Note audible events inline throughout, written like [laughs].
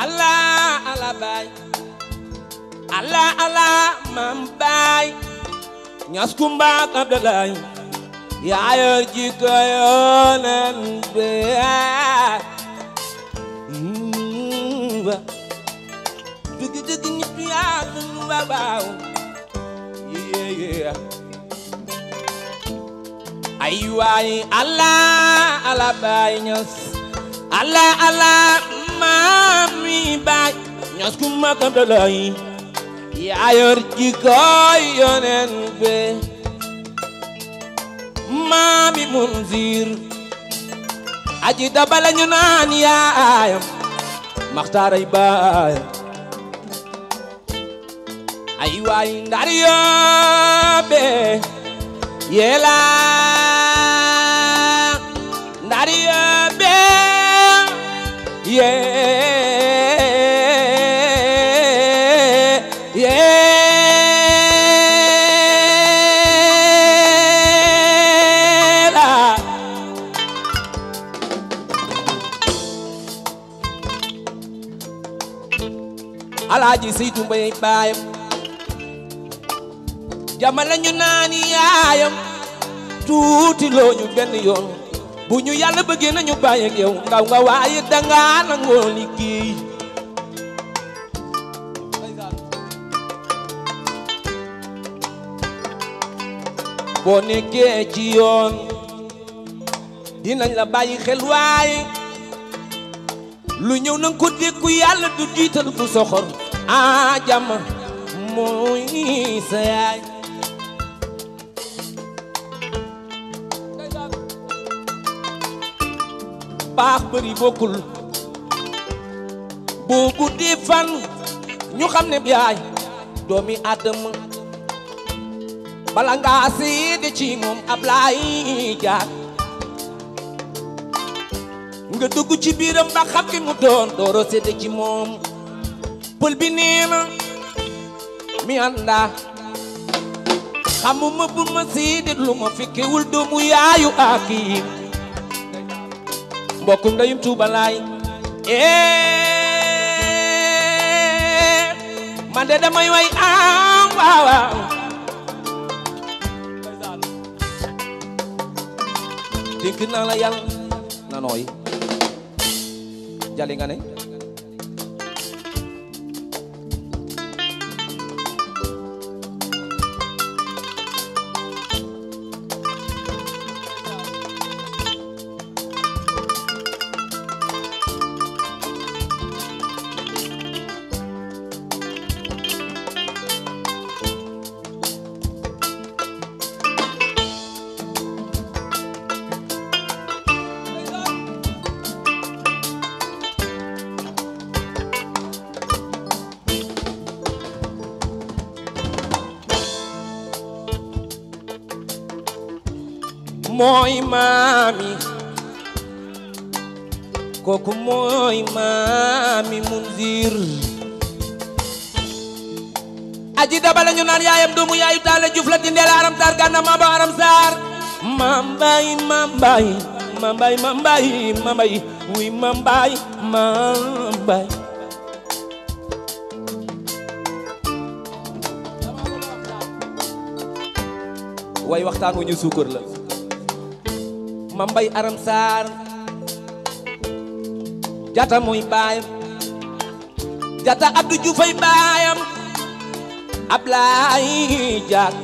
Allah Allah baay Allah Allah maam baay ñas kumba ak Abdalaay yaa yor jikko yoonan baay dëgg dëgg ñëpp yaa nun waaw yee yee ay waay Allah Allah baay ñas Allah Allah maam mi baaj ños ku mag Abdoulaye yaa yor jikkoy yoneen be maami Munzir aji dabala ñu naan yaayam maxtaaray baayam ay waay ndar yóbbe yelaa ndar yóbbe yee Seydu Mbay baayam jamala ñu naani yaayam tuuti loo ñu yoon bu ñu yàlla bëggee nañu bàyyi ak nga waaye danga nangoo liggéey boo nekkee ci yoon dinañ la bàyyi xel waaye lu ñëw nanga ko dékku yàlla du jiital du soxor ajama muy sa yaay baax bëri bokkul bu guddi ñu xam ne yaay doomi Adama bala ngaa seede ci moom Ablaay Jaar nga dugg ci biiram ba xam mu doon dooro seede ci moom pël bi nee mi àndaa xamuma bu ma siidit lu ma fikkewul doomu yaayu aakiim mbokkum ndeyum tuubalaay ee eh, man de damay way am waaw waaw dénk la yàlla na nooy jali ne kooku mooy maami Munzir aji dabala ñu naan yaayam doomu yaayu taal la juf la dindeela aram saar gànna maam ba aram saar maam baay maam baay way waxtaan wu ñu suukar la maam baay jata moy bayam jata Abdou djoufay bayam baayam Ablaye Diak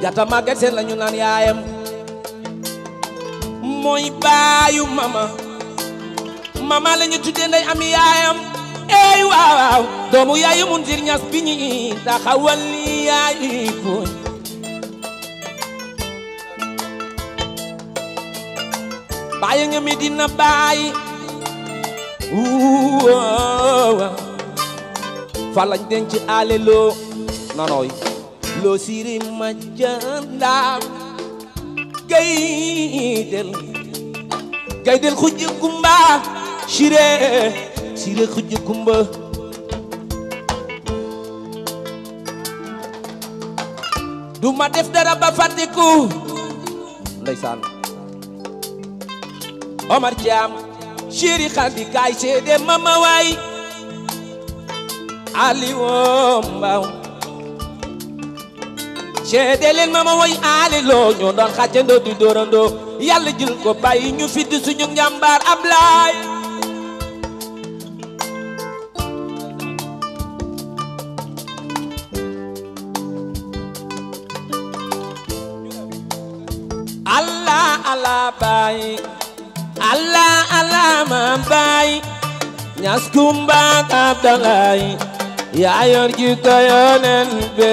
jata Maguette Sène lañu nan yaayam moy bayu mama mama lañu tuddee nday am yaayam ey waaw waaw doomu yaayu Moundir Niass bi ñi taxawal li yaayi fooñ baye nga Medina baye Oh, oh, oh. fa lañ ci ale loo nanoy loo siri ma jëndaam gaydel gaydel xujj kumba sire sire xujj kumba du ma def dara ba fàttiku ndeysaan Omar Thiam chéri xadi kaay seede mama waay aliwoo mbaaw seede leen mama ali loo ñu doon xàccandoo di dóorandoo yàlla jël ko bàyyi ñu fidd suñu njàmbaar Ablaay Allah Allah baay ñas kumba abdalay yaa yor ya ji doyonen be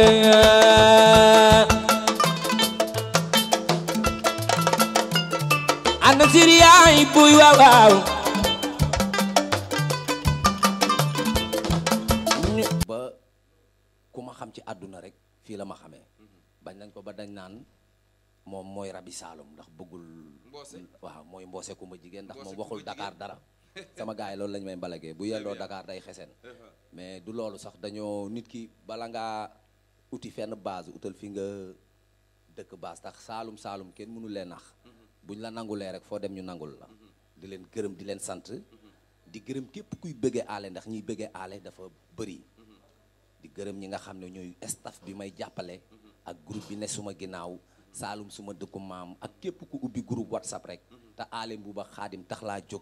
ana siriyaay buy waawaaw ba ku ma xam ci àdduna rek fii la ma xamee mhm. bañ nañ ko ba dañ naan moom mooy rabi Saalum ndax bëggul waaw mooy mboose ku ma jigéen ndax moom waxul Dakar dara sama gars yi loolu lañ may mbalage bu yello Dakar day xesen mais du loolu sax dañoo nit ki bala nga uti fenn base utal fi nga dekk base tax saalum saalum ken mënu leen nax mhm. buñ la nangulé rek fo dem ñu nangul la mhm. di len gërëm di len sante mhm. di gërëm képp kuy bëggé alé ndax ñi bëggé alé dafa bëri di gërëm ñi nga xamné ñoy staff bi may jappalé ak groupe bi ne suma ginaaw saalum suma dekk maam ak képp ku ubi groupe whatsapp rek ta alé mbuba khadim tax la jog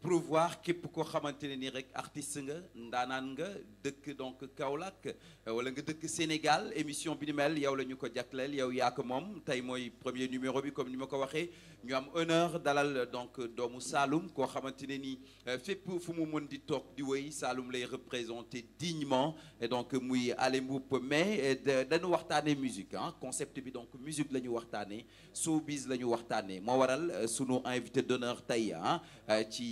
pour képp koo xamante ne rek artiste nga ndaanaan nga donc Kaolack euh, wala nga dëkk Sénégal émission Binimel, ni mel yow la ñu ko jagleel yow yaa ko moom tey mooy premier numéro bi comme ni ma nous avons ñu am honneur dalal donc doomu Saloum koo xamante ne nii euh, fépp fu mu mën di toog di wéy Saloum lay représenter dignement et donc muy Alé Mboup mais euh, dañu waxtaanee musique hein. concept bi donc musique la ñu waxtaanee showbiz la ñu waxtaanee moo waral sunu invité d'honneur tey qui hein, ci.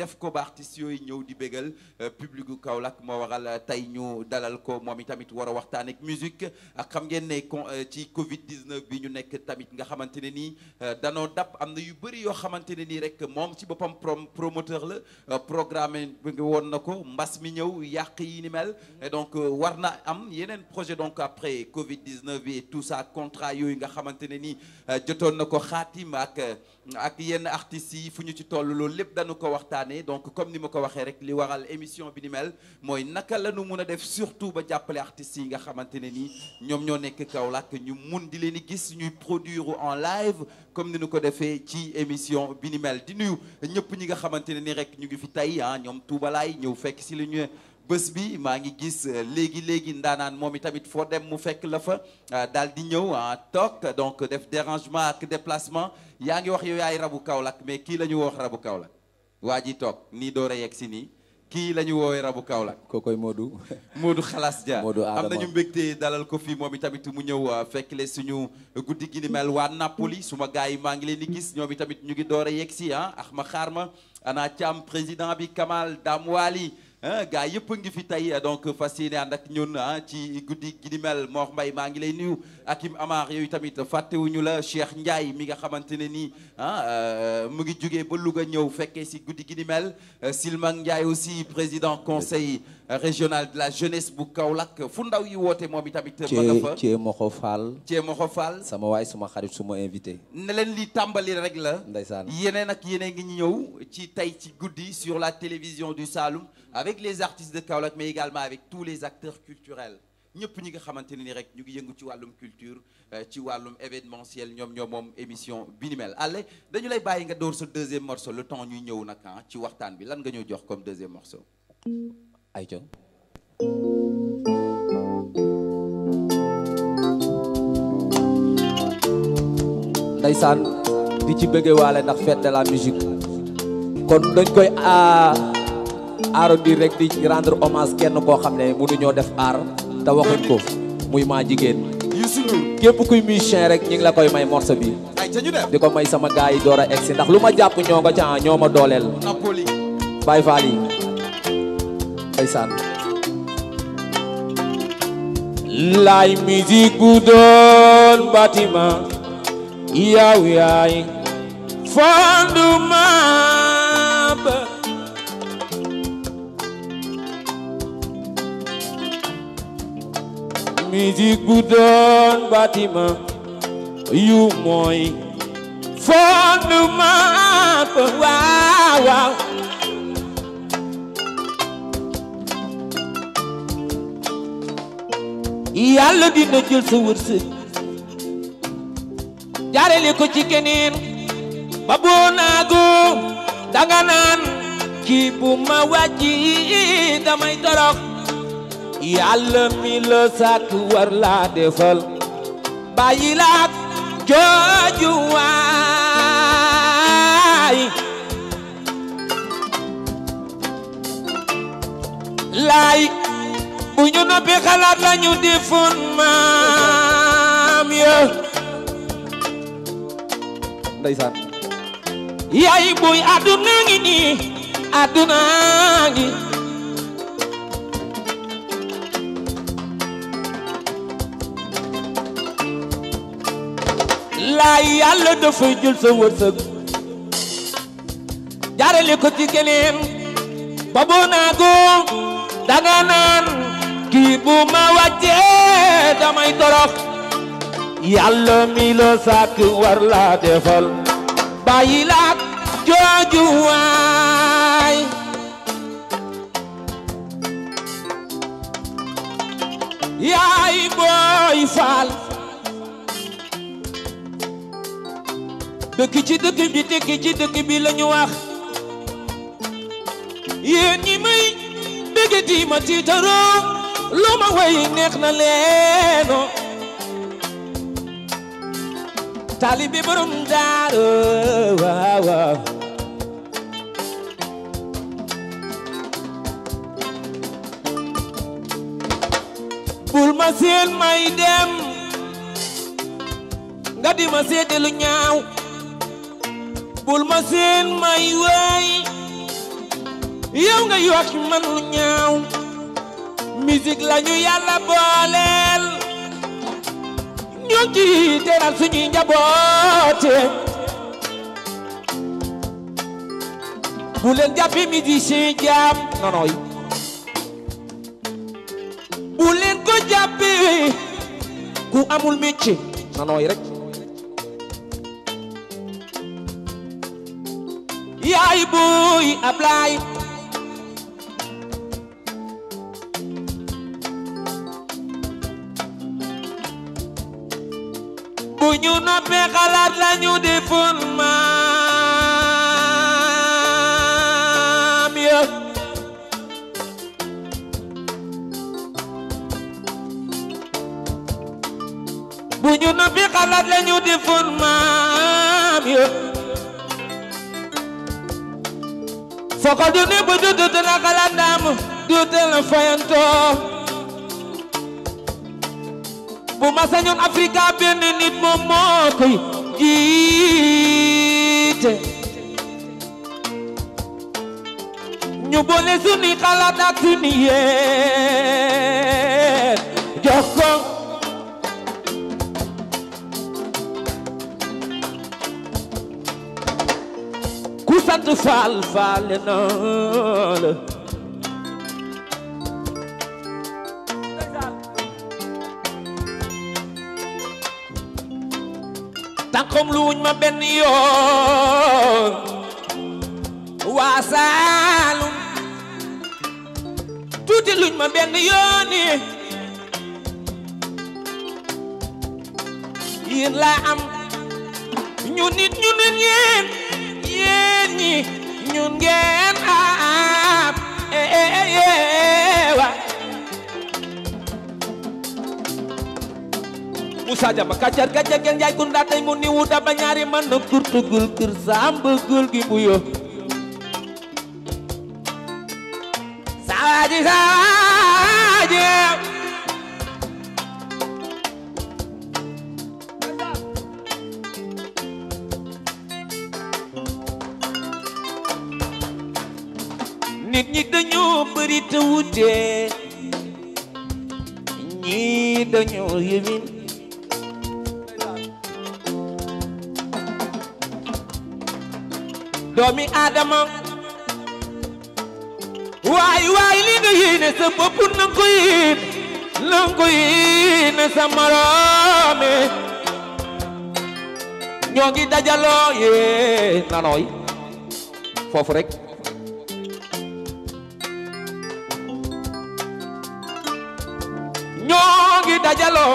def ko ba artistes yooyu di bégal euh, public Kaolack waral euh, tay ñu dalal ko momi tamit wara waxtane musique ak xam ngeen euh, ci Covid 19 bi ñu nek tamit nga xamante ne nii danoo dab yu bëri yo rek mom ci bopam promoteur la programme woon won ko mbass mi ñew yàq yi ni donc warna am yenen projet donc après Covid 19 et tout ça contrat yo nga xamante ne nii ak ak yenn artistes yi fu ñu ci toll loolu lépp dañu ko waxtaanee donc comme ni ma ko waxee rek li waral émission bi ni mel ñu mun def surtout ba jàppale artistes yi nga xamante ni ñom ñoo nekk que ñu mun di leen gis ñuy produire en live comme ni ñu ko defee ci émission binimel, di nuyu ñëpp ñi nga xamante ni rek ñu ngi fi tay ah ñoom tuubalaay ñeu fekk ci li ñu bés bi gis euh, léegi léegi ndanan momi tamit foo dem mu fekk la fa euh, dal di ñew ah donc def dérangement ak déplacement yaa ngi wax yow yaay rabu Kaolack mais ki lañu wax rabu Kaolack waji tok ni nii door a yegg si nii kii rabu Kaolack. kokoy Modou. Modou Xalass ja am nañu mbégte dalal ko fi momi tamit mu ñew ah, fekk les suñu guddi gi ni mel Napoli suma gaay yi maa ngi leen di gis ñoom tamit ñu ngi door a si ah ax kharma ana cham président bi Kamal Damwali Hein, gaa yëpp ngi fi ah, donc fas andak ànd ak ñun ah, ci guddi gi mel Mor Mbaye ma ngi lay nuyu akim Amar yooyu tamit wuñu la Cheikh ndjay mi nga ni ne ah, euh mu ngi juggé ba Louga ñëw fekkee si guddi gi mel euh, Silmang Ndiaye aussi président conseil régional de la jeunesse Boukaoulak Kaolack fu ndaw yi wote moom itamit. te nga fa Thié sama way suma xarit suma invité. ne len li tambali rek la. Ndaysan. yeneen ak yene ngi ñew ci tay ci Goudi sur la télévision du Saloum avec les artistes de Kaoulak mais également avec tous les acteurs culturels. ñëpp ñi nga xamanteni ni rek ñu ngi yëngu ci walum culture euh, ci walum événementiel ñom ñom mom émission binimel allez dañu lay baye nga door ce deuxième morceau le temps ñu ñëw nag ah ci waxtaan bi lan nga ñoo jox comme deuxième morceau. ay co ndeysaan di ci bëgge waale ndax fet de la musique kon dañ koy aarondi rek di rendre hommage kenn koo xam ne mënuñoo def aar te waxuñ ko muy maa jigéen képp kuy musicien rek ñi la koy may morceau bi di ko may sama gars yi door a egsi ndax lu ma jàpp ñoo nga ca ñoo ma dooleel Baye Fall yi Satan. Lai mizik budon batima iya wiai fandu mab mizik budon batima yu moi fandu mab wow wow yàlla dina jël sa wërsëg jaarale ko ci keneen ba boo naagu danga naan kii bu ma wàcci damay torok yàlla mi la sàkk war laa defal bàyyi laat jooju waay laay bu ñu noppi xalaat la ñu di fun maam ya ndeysaan yaay buy àdduna ngi nii àdduna ngi laay yàlla dafay jël sa wërsëg jaarale ko ci keneen ba boo naa ko kii bu ma wàccee damay torox yàlla mi la sàkk war la defal bàyyi laak jooju waay yaay booy faal dëkk ci dëkk bi dëkk ci dëkk bi lañu wax yéen ñi may dëgg di ma tiitaroo lu ma neex na leeno taalibe borom daara bul ma seen may dem nga di ma seede lu ñaaw bul ma seen may way yow nga yokk man lu ñaaw musique la ñu yàlla booleel ñu ci teral suñuy njaboote bu leen jàppi musicien jaam non non bu leen ko jàppi ku amul métier non non rek yaay buy Ablaay bu ñu noppee xalaat lañu defoon maam ya bu ñu noppee xalaat lañu defoon maam ya foko du ne bu du du dana xalaat ndam du dana fayanto bu ma sañoon Afrika benn nit moom moo jiite ñu boole suni xalaat suni yéen jox ko ku sant faal faale na Không naqom luñ ma benn yoon waa Saalum tuuti luñ mà benn yoon yéen yên am nhún nit nhún nit yéen yên ñi nhún ngeen Moussa Diama kàccar kàccar kenn jaay kun daa tey mu niwu dama ñaari man na kurtugul kër saam bëggul gi mu yo ñoo ngi dajaloo yee na foofu rek ñoo ngi dajaloo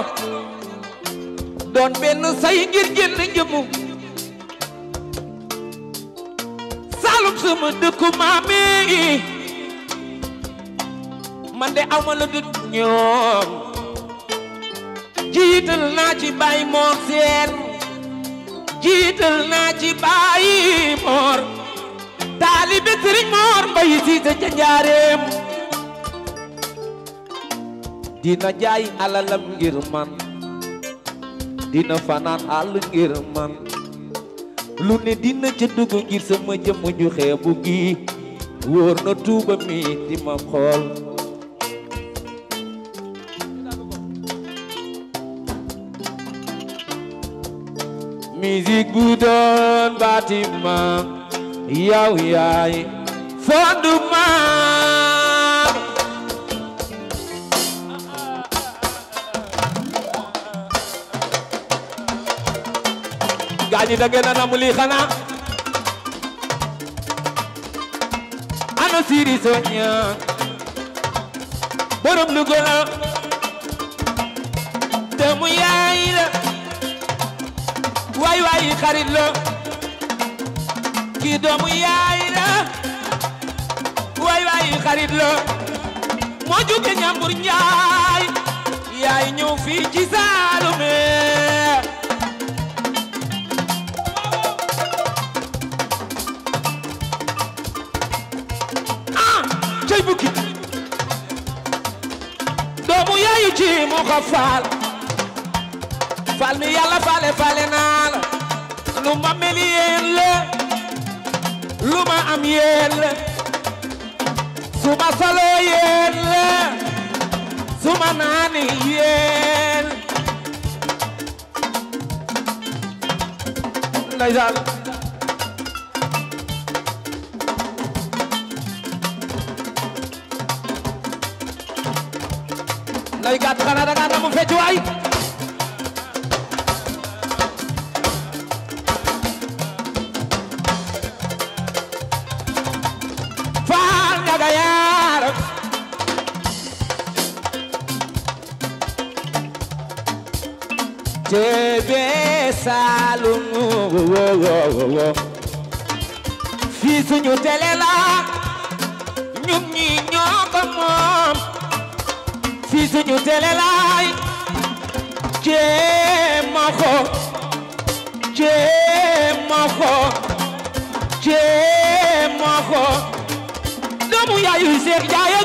doon benn say ngir génn njëmu Saalum sama dëkku maami man de aw ma ñoom jiital naa ci bay moom seen jiital naa ci bàyyi moor taalibe sëriñ moor mbay siise ca njaareem dina jaay alalam ngir man dina fanaan àll ngir man lu ne dina ca ngir sama jëmm ju xeebu gi na tuuba mi di ma xool musique bu doon bâtiment yow yaay fondement gaañi da ngeen a namm lii xanaa ana siiri soñña borom lu gën a te mu yaay la waay waay xarit la kii doomu yaay la waay waay xarit la moo jóge ñambur njaay yaay ñëw fii ci Saalume ah cey bukki doomu yaayu ci mu ko faal faal mi yàlla faale faale naa lu ma mel yéen la lu ma am yéen la su ma saloo yéen la su ma naani yéen ndeysaan nday gàtt xanaa Saloum wowowowoo fii suñu télé la ñun ñi ñoo ko moom fii suñu télé laay jéema ko jéema ko jéema ko doomu yaayu Cheikh Ndiaye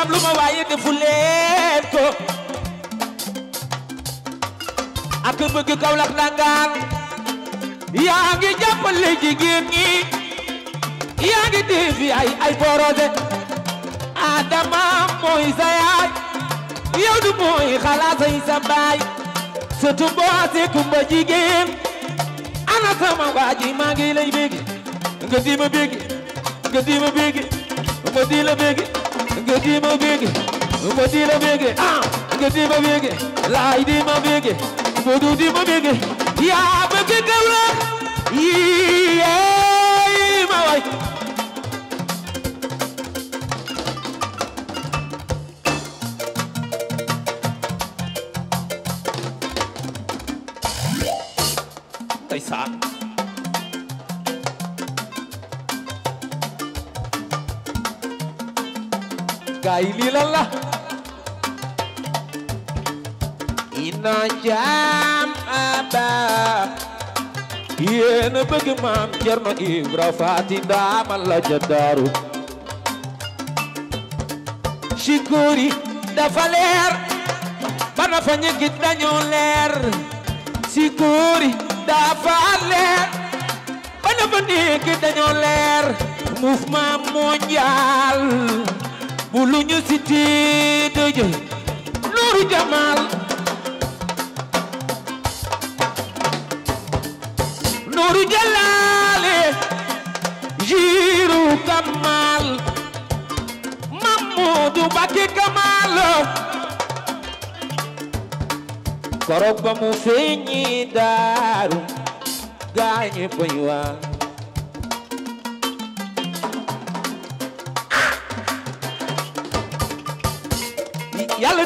daam lu ma waaye defu leen ko ak bëgg Kaolack nangaan yaa ngi jàppale jigéen ñi yaa ngi defi ay ay borode Adama mooy sa yaay yow du mooy xalaatay sa baay surtout boose kumba jigéen ana sama waa maa ngi lay bégg nga di ma bégg nga di ma bégg ma di la bégg get meu my big, go to the big, ah, get meu my big, light in my big, go to the big, yeah, but get around, yeah, my tá isso sao? lelah Ina jam abab Yen begemam jerno ibra fatinda malla jadaru Shikuri da leer mana fa ñëgit dañoo Shikuri dafa leer bana fa ñëgit dañoo Mufma mouvement bu lu ñu siti de jël nuuru jamaal nuuru jalaale jiiru kamaal mamudu bakke kamaal korog mu feeñi daaru gaañe poy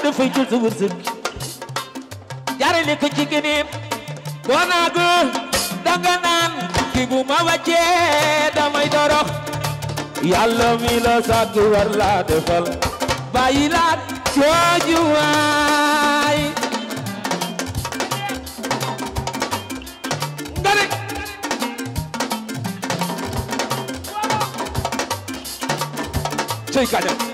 dafay jël sa wërsëg jaarale ci ginim boo naagu danga naan bu ma wàccee damay dorox yàlla mi la sàkk war laa defal bàyyi laa jooju waay Take it.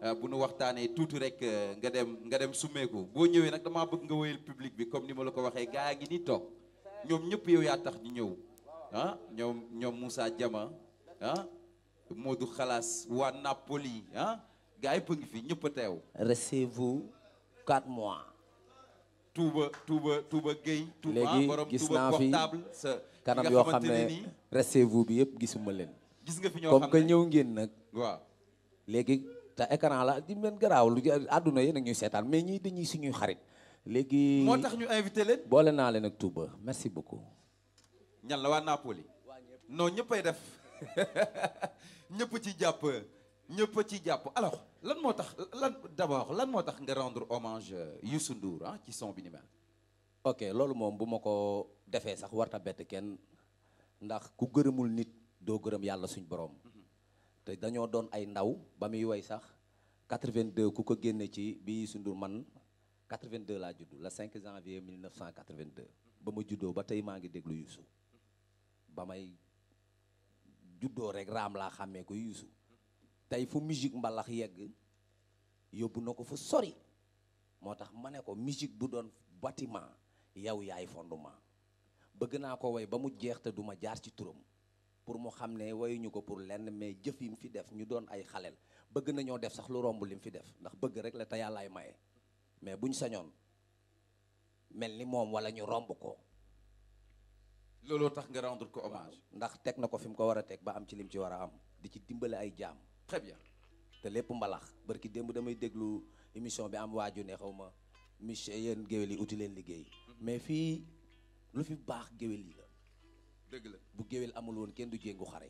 Euh, bu nu waxtaanee tuuti rek euh, nga dem nga dem summeeku boo ñëwee nag damaa bëgg nga wéyal public bi comme ni ma la ko waxee gaa ngi ni toog ñoom ñëpp yow yaa tax ñu ñëw ah ñoom ñoom Moussa Diama ah Xalaas waa Napoli ah gaa yëpp a ngi fi ñëpp a teew. recevez-vous 4 mois. Touba Touba Touba Gueye. léegi gis naa fi kanam yoo xam ne recevez-vous yëpp gisuma leen. gis nga fi ñoo xam ne comme que ñëw ngeen nag. waaw léegi. te écran la i mel garaaw lu àdduna yéen a ñuy seetaan mais ñii dañuy suñuy xarit. léegi moo tax ñu invité leen. boole naa leen ak Touba merci beaucoup. ñan la waa Napoli. non ñëppay def [laughs] ñëpp ci jàpp ñëpp ci jàpp alors lan moo tax lan d'abord lan moo tax nga rendre hommage euh, Youssou Ndour ah ci son bi ni mel. ok loolu moom bu ma ko defee sax warta bett kenn ndax ku gërëmul nit doo gërëm yàlla suñ borom. te dañoo doon ay ndaw ba muy woy sax 82 ku ko génne ci bi Youssou man 82 laa juddu la 5 janvier 1982 ba ma juddoo ba tey maa ngi déglu Youssou ba may juddoo rek raam laa xàmmee ko Youssou tey fu musique mbalax yegg yóbbu na ko fa sori moo tax ma ne ko musique bu doon bâtiment yow yaay fondement bëgg naa ko way ba mu jeex te duma jaar ci turam pour mu xam ne wayuñu ko pour lenn mais jëf yi mu fi def ñu doon ay xaleel bëgg nañoo def sax lu romb li mu fi def ndax bëgg rek la te yàllaay maye mais buñ sañoon mel ni moom wala ñu romb ko. looloo tax nga rendre ko hommage. ndax teg na ko fi mu ko war a teg ba am ci lim ci war a am di ci dimbale ay jaam. très bien te lépp mbalax barki démb damay déglu émission bi am waaju ne xaw ma monsieur yéen géwél yi uti leen liggéey. Mm-hmm. mais fii lu fi baax géwél yi dëgg la bu géwél amul won kenn du jéngu xare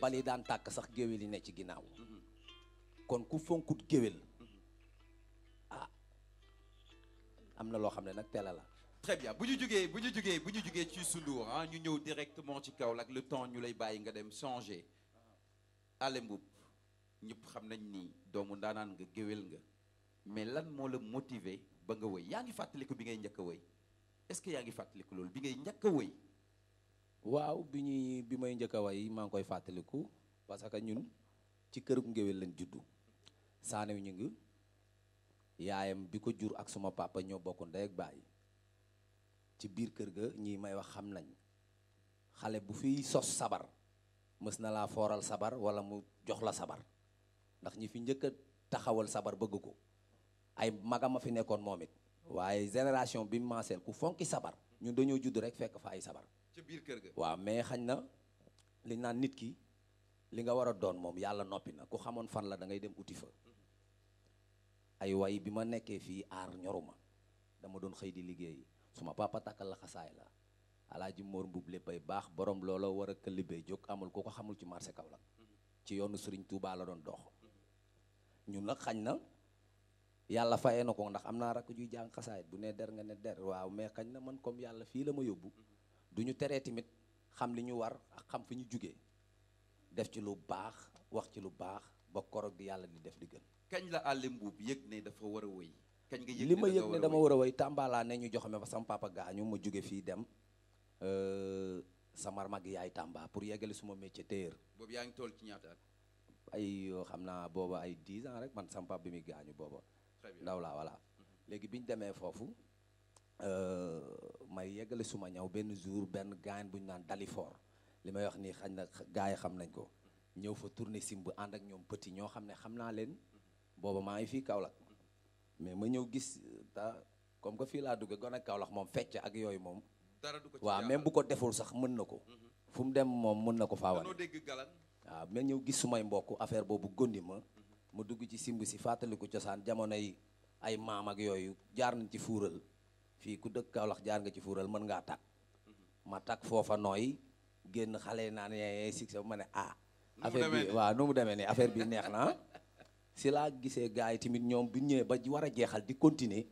balé daan tak sax géwél yi ne ci ginnaaw mhm. kon ku fonkut géwél mhm. ah am na loo xam ne la très bien buñu ñu buñu bu buñu jógee ci sunduur ah ñu ñëw directement ci Kaolack le temps ñu lay bàyyi nga dem changer Alé Mboup ñëpp xam nañ ni doomu ndaanaan nga géwél nga mais lan mo le motiver ba nga woy yaa ngi fàttaliku bi ngay njëkk woy est-ce que yaa ngi fàttaliku lool bi ngay njëkk woy waaw bi ñuy bi may njëkk a way maa ngi koy fàttaliku parce que ñun ci kërug ngéwél lañ juddu saane wi ñu ngi yaayam bi ko jur ak suma papa ñoo bokk nday ak baay ci biir kër ga ñii may wax xam nañ xale bu fiy sos sabar mës na laa sabar wala mu jox la sabar ndax ñi fi njëkk taxawal sabar bëgg ko ay magama fi nekkoon moom it waaye génération bi ku fonki sabar ñun dañoo judd rek fekk fa ay sabar ca biir kër ga waaw mais xañ na li naan nit ki li nga war a doon moom yàlla noppi na ku xamoon fan la da ngay dem uti fa ay way bi ma nekkee fii aar ñoruma dama doon xëy di liggéey suma papa takkal la xasaay la alaaji Mor Mbub léppay baax borom loola war a këllibee jóg amul ku ko xamul ci marché Kaolack ci yoonu Serigne Touba la doon dox ñun nag xañ na yàlla fayee na ko ndax am naa rakk juy jàng xasaayit bu ne der nga ne der waaw mais xañ na man comme yàlla fii la ma yóbbu du ñu teree tamit xam li ñu war a xam fi ñu jugee def ci lu baax wax ci lu baax ba koroog yàlla di def di gën. kañ la Alé Mboup yëg ne dafa war a wëy. kañ nga yëg li ma yëg ne dama war a wëy Tàmbalaa ne ñu joxame ba sama papa gaañu ma jóge fii dem euh, samar mag yaay Tamba pour yeggale suma métier boobu yaa ngi toll ci ñaata at. ay xam naa booba ay 10 ans rek man sama papa bi muy gaañu booba. ndaw laa voilà mhm. léegi bi ñu demee foofu. Euh, may yeggale suma ñaw benn jour benn gaañ bu ñu naan Dalifor li may wax nii xañ na gars yi xam nañ ko ñëw fa tournée simb ànd ak ñoom pëti ñoo xam ne xam naa leen booba maa ngi fii Kaolack mais ma ñëw gis ta que fii laa duggee gone ak Kaolack moom fecc ak yooyu moom. dara ko ci waaw bu ko deful sax mën na ko. Mhm. fu mu dem moom mën na ko faa dégg galan waaw ma ñëw gis sumay mbokk affaire boobu gondi ma. Mhm. ma dugg ci simb si fàttaliku cosaan jamonoy ay maam ak yooyu jaar nañ ci fuural. fi ku dekk kaolax jaar nga ci fural man nga tak ma tak fofa noy genn xalé nan yaay eh, eh, succès bu ma ne ah affaire bi wa nu mu demee ni affaire bi neex na ah. si la gisé gaay timit ñom bu ñëw ba war a di continuer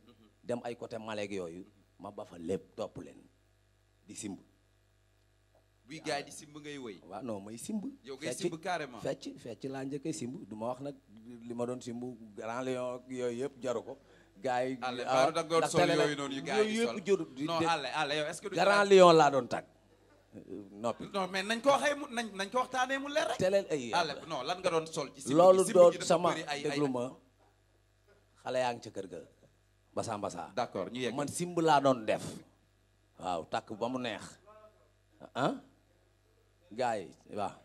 dem ay côté Malek yoyu ma ba fa lepp top leen di simbu wi gaay di simbu ngay woy wa non may simbu yow ngay simbu carrément fecc fecc la ñëkay simbu duma wax nak li ma doon simbu Grand Lion yooyu yëpp jaruko gars yi. àll baaru da laa doon tag euh, noppi. mais nañ ko waxee mu nañ ko waxtaanee mu leer rek. teleel ay doon sol. ci si loolu doon sama déglu ma xale yaa ngi ca kër ga. basa basa. d'accord ñu man simb laa doon def. waaw takk ba mu neex. ah gars yi waaw.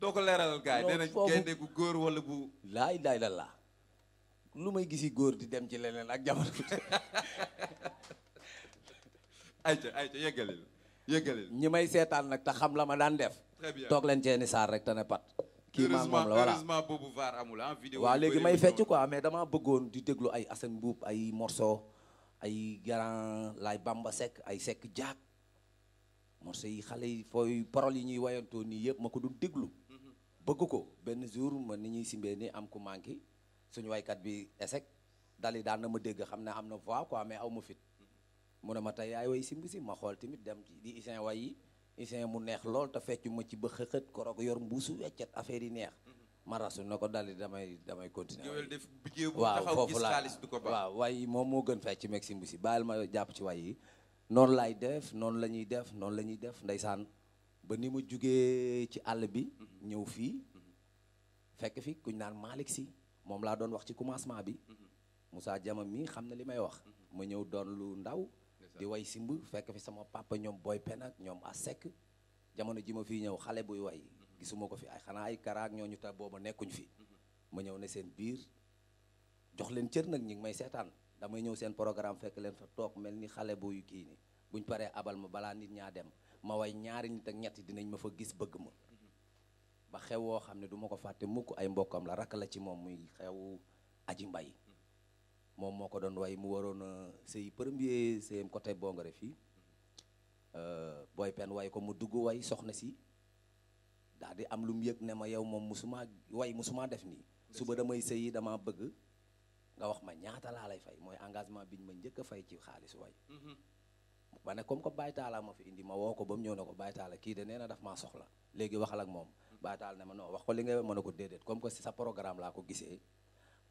doo ko leeralal gars gu laay laay la lu may gisi góor di dem ci leneen ak jamono. ayca ayca yeggalil ya yeggalil. Ya ñi may seetaan nag te xam la ma daan def. très bien toog leen rek te ne pat. kii maa moom la voilà heureusement boobu vaar amul ah. vidéo waaw léegi may fecc quoi mais damaa bëggoon di déglu ay Assane Mbuub ay morceau ay Grand Laye Bamba Seck ay Seck Jaak morceau yi xale yi fooy paroles yi ñuy wayantoo nii yëpp ma ko doon déglu. bëgg ko benn jour ma ni ñuy simbee ni am ku manqué. suñu waykat bi dal dali daan na ma dégg xam ne am na voix ko amee aw ma fit mu ne ma tey yaay way simb ma xool tamit dem ci di isin way isin mu neex lool te feccu ma ci ba xëxët korog yor mbuusu weccet affaire yi neex ma rasu na ko dal damay damay continuer waaw foofu laa waaw way moom moo gën fecc meeg simb si bàyyil ma jàpp ci way yi noonu laay def noonu la ñuy def noonu la ñuy def ndeysaan ba ni ma jugee ci àll bi ñëw fii fekk fi kuñ naan Malick si mom la doon wax ci commencement bi Moussa Diama mi xamna limay wax mhm. ma ñew doon lu ndaw di way simb fekk fi sama papa ñom Boy Pen ak a Asek jamono ji ma fi ñew xalé buy way mhm. gisuma fi ay xana ay karaak ñoñu ta bobu nekkuñ fi mhm. ma ñew ne seen biir jox leen cër nak ñing may seetaan damay ñew seen programme fekk leen fa tok mel ni buy ki ni buñ abal ma bala nit ñaa dem ma way ñaari nit ak dinañ ma fa gis bëgg ma ba xew woo xam ne du ma ko fàtte mukk ay mbokkam la rakk la ci moom muy xew aji mbay moom moo ko doon way mu waroon sëy premier sëyam côté Bongore fii euh, booy pen way ko mu dugg way soxna si daal di am lu mu yëg ne ma yow moom musuma way musuma def nii suba damay yi dama bëgg nga wax ma ñaata laa lay fay mooy engagement biñ ma njëkk a fay ci xaalis way mhm. ma ne comme que Baye Talla ma fi indi ma woo ko ba mu ñëw ne ko Baye Talla kii de nee daf maa soxla Batal na ma non wax ko li nga mën a ko déedéet comme ko si sa programme la ko gisee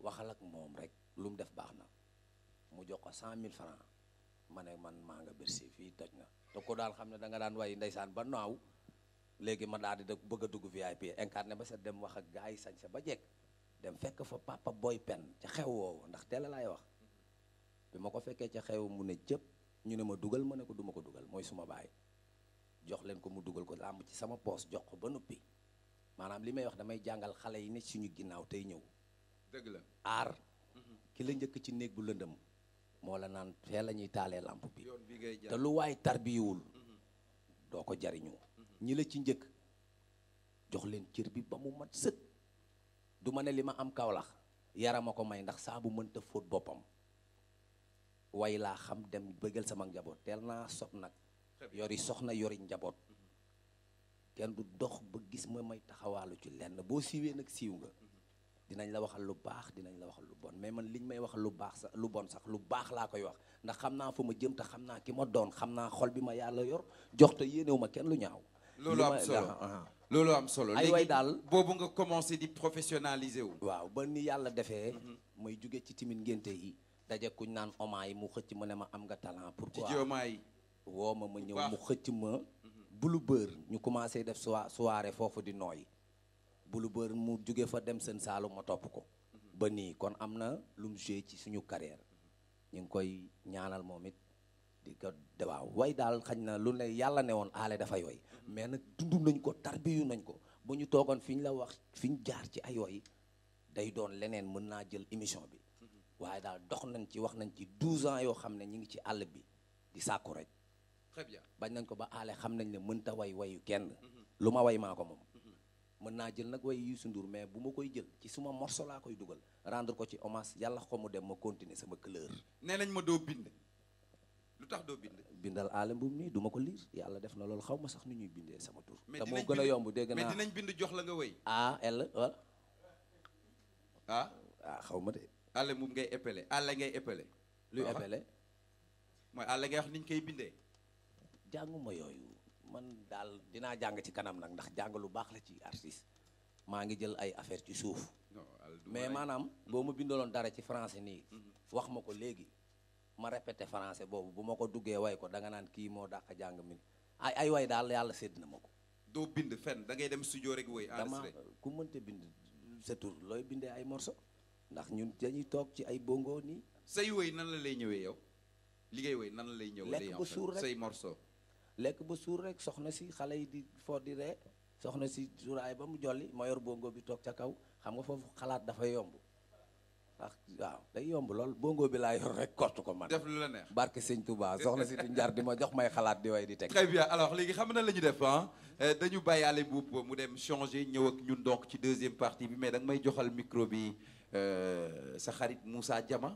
waxal ak mom rek lu def baxna na mu jox ko 100000 francs mané man ma nga bersi fi toj na ko dal xamné da nga dan way ndaysan ba naw légui ma dal di bëgg dugg VIP incarné ba sa dem wax ak gaay yi ba dem fekk fa papa boy pen ci xew wo ndax teel lay wax bi ma ko fekkee ca xew mu ne ñu ne ma dugal mané ko duma ko dugal Moy suma baay jox len ko mu dugal ko ci sama poste jox ko ba noppi manam limay wax damay jangal xalé yi ne suñu ginnaw tay ñew deug la ar mhm. ki la ñëk ci neeg bu lëndëm mo la naan fe lañuy talé lamp bi. te lu way tarbiyul mhm. do ko jariñu mhm. ñi la ci ñëk jox leen cër bi ba mu mat seuk du mané lima am kaawlax yaram a may ndax sa bu mënta foot bopam way la xam dem bëggal sama njabot Telna sok nak. nag. yori soxna yori njaboot. kenn du dox ba gis ma may taxawaalu ci lenn boo siiwee nag siiw nga dinañ la waxal lu baax dinañ la waxal lu bon mais man liñ may waxal lu baax sax lu bon sax lu baax laa koy wax ndax xam naa fa ma jëm te xam naa ki ma doon xam naa xol bi ma yàlla yor jox te yéenewu ma kenn lu ñaaw. loolu am solo loolu am solo ay way daal boobu nga commencé di professionnaliser wu. waaw ba ni yàlla defee. Mhm. may jóge ci timin ngénte yi. daje kuñ naan omaa yi mu xëcc ma ne ma am nga talent. pourquoi ci woo ma ma ñëw mu xëcc ma. bulu bër ñu commencé def soirée foofu di nooy bulu bër mu jóge fa dem seen saalu ma topp ko ba nii kon am na lu mu ci suñu carrière ñu ngi koy ñaanal moom it di ko waaw way daal xañ na lu ne yàlla ne woon aale dafa yooy mais nag dundum nañ ko tarbiyu nañ ko bu ñu toogoon fi ñu la wax fi ñu jaar ci ay yooy day doon leneen mën naa jël émission bi mhm. waaye daal dox nañ ci wax nañ ci 12 ans yoo xam ne ñu ngi ci àll bi di sàkku rek très bien bañ nañ ko ba aale xam nañ ne mënta way wayu kenn lu ma way maa ko moom mën naa jël nag way Youssou Ndour mais bu ma koy jël ci suma morceau laa koy dugal rendre ko ci hommage yàlla ko mu dem ma continuer sama couleur nee ma doo tax doo bind bindal aale mbuum nii du ko liir yàlla def na loolu xaw ma sax ni ñuy bindee sama tur te moo gën a yomb dégg naa mais dinañ bind jox la nga way a ah, ell ah? ah, xaw ma de aale mbuum ngay épelé aale ngay épelé luy épelé mooy aale ngay wax niñ koy bindee ma yooyu man dal dina jang ci kanam nak ndax jang lu bax la ci artiste ma ngi jël ay affaire ci souf mais manam mm-hmm. bo ma bindaloon dara ci français ni mm-hmm. wax ma ko ma répété français bobu bu mako ko way ko da nga nan ki mo dak jang min ay ay way dal yalla sedna mako do bind fen da ngay dem studio rek woy dama ku mënte bind c'est tout loy bindé ay morceau ndax ñun dañuy tok ci ay bongo ni say way nan la lay ñëwé yow li way nan la lay ñëw lay lekk ba suur rek soxna si xale yi di fo di ree soxna si suuraay ba mu jolli ma yor bongo bi toog ca kaw xam nga foofu xalaat dafa yomb ndax waaw day yomb lool bongo bi laa yor rek kott ko man. def lu la neex barke sëñ Touba soxna si di njar di ma jox may xalaat di way di teg. très bien alors léegi xam na lañu ñu def euh, dañu bàyyi Alé Mboup mu dem changer ñëw ak ñun donc ci deuxième partie bi mais danga may joxal micro bi euh, sa xarit Moussa Diama.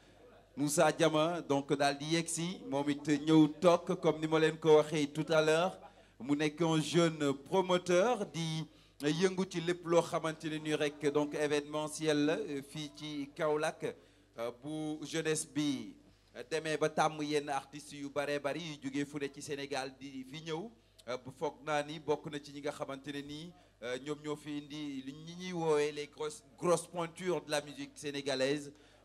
Moussa Diama donc daal di yegg si moom comme ni ma leen ko waxee tout à l'heure mu nekk un jeune promoteur di yëngu ci lépp loo xamante ne nii rek donc événementiel la euh, fii ci Kaolack euh, bu jeunesse bi demee ba tàmm yenn artistes yu bare bari yu jógee fu ne ci Sénégal di fi ñëw euh, bu foog ni bokk na ci ñi nga xamante ne nii ñoom ñoo fi ñi ñuy les grosses pointures de la musique sénégalaise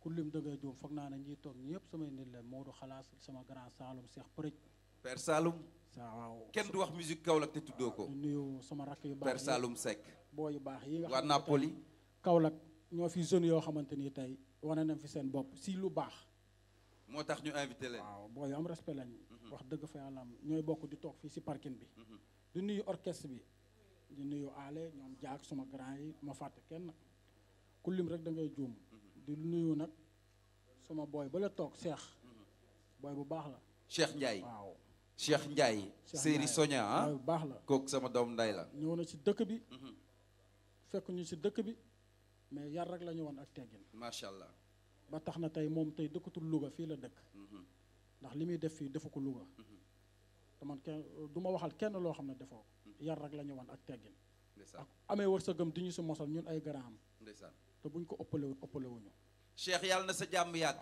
ku lim da ngay juum foog naa ne ñiy toog ñëpp samay nit leen Modou Xalaas sama grand Saloum Cheikh Përëj. Père Saloum. waaw kenn du wax musique Kaolack te tuddoo ko. nuyu sama rakk yu baax yi Père Saloum yu baax yi nga xam ne waa Napoli. Kaolack ñoo fi jeunes yoo xamante ni tey wane nañ fi seen bopp si lu baax. moo tax ñu invité leen. waaw boo am respect lañ. Mhm. wax dëgg fa yàlla am ñooy bokk di toog fii si parking bi. Mhm. di nuyu orchestre bi. di nuyu aale ñoom jaak suma grand yi ma fàtt kenn ku lim rek da ngay juum. di nuyu nag sama booy bala la toog Cheikh booy bu baax la Cheikh Ndiaye waaw Cheikh Ndiaye séeri soña ah bu baax la kooku sama doom nday la ñëw na ci dëkk bi mhm. fekk ñu ci dëkk bi mais yar rek la ñu ak teggin macha allah ba tax na tey moom tey dëkkatul Louga fii la dëkk mhm. ndax li muy def fii defu ko Louga mhm. te kenn du ma waxal kenn loo xam ne defoo yar rag la ñu woon ak teggin ak amee wërsëgam di ñu si mosal ñun ay garaam ndeysaan te buñ ko ëppale ëppale cheikh yàlla na sa jamm yak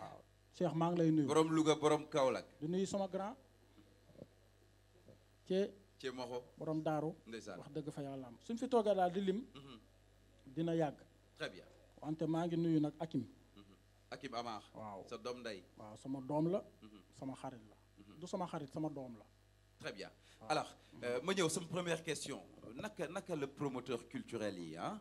cheikh ma ngi lay nuyu. borom Louga borom Kaolack. di nuyu sama grand. Ci ci moxo borom daaru ndeysaan wax deug fa yàlla suñ fi toogee dal di lim. Mhm. dina yàgg. très bien wante ma ngi nuyu nak Akim. Mhm. Akim Amar. sa dom nday waaw sama dom la. Mhm. sama xarit la. du sama xarit sama dom la. très bien alors euh, ma ñew sama première question naka naka le promoteur culturel yi hein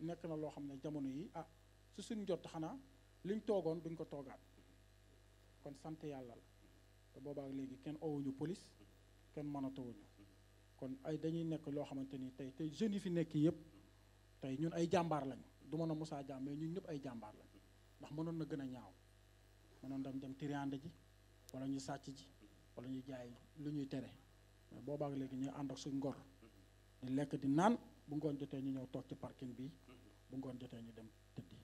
nekk na loo xam ne jamono yi ah su suñ jot xanaa liñ toogoon duñ ko toogaat kon sant yàlla la te boobaak léegi kenn owuñu police kenn mënatawuñu kon ay dañuy nekk loo xamante ni tey tey jeunes yi fi nekk yëpp tey ñun ay jàmbaar lañu du mën a musaa jàmm mais ñëpp ay jàmbaar lañu ndax mënoon na gën a ñaaw mënoon dem dem tiriande ji wala ñu sàcc ji walla ñu jaay lu ñuy tere boobaak léegi ñuy ànd ak suñ ngor di lekk di naan bu ngoon jotee ñu ñëw toog ci parking bi bu ngoon jotee ñu dem tëddi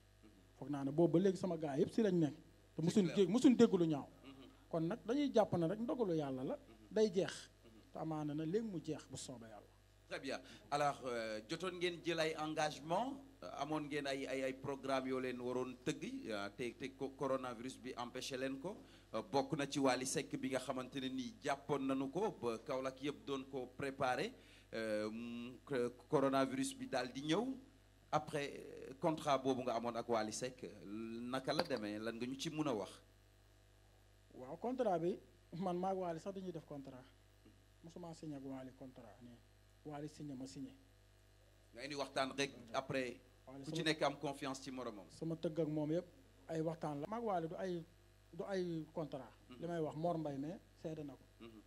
foog naa ne boobu ba léegi sama gars yëpp si lañ nekk te musuñ dégg musuñ dégg lu ñaaw mhm. kon nak dañuy jàpp ne rek ndogalu yalla la mhm. day jeex mhm. te amaana na léegi mu jeex bu soobee yàlla très bien alors euh, jotoon ngeen jël engagement amoon ngeen ay ay ay programme yoo leen waroon tëgg euh, te te coronavirus bi empêché leen ko euh, bokk na ci Wally Seck bi nga xamante ne nii nañu ko ba Kaolack yëpp doon ko préparé coronavirus bi daal di ñëw après contrat bobu nga amone ak Wally Seck naka la demee lan nga ñu ci mëna wax. waaw contrat bi man maag Wally sax dañuy def contrat mosuma signé ak Wally contrat nii Wally signé ma signé. nga indi waxtaan rek après. ku ci nekk am confiance ci moromam. sama tëgg ak mom yépp ay waxtaan la. maag Wally du ay du ay contrat. Mm-hmm. li wax Mor mbay né seede nako tok mm-hmm.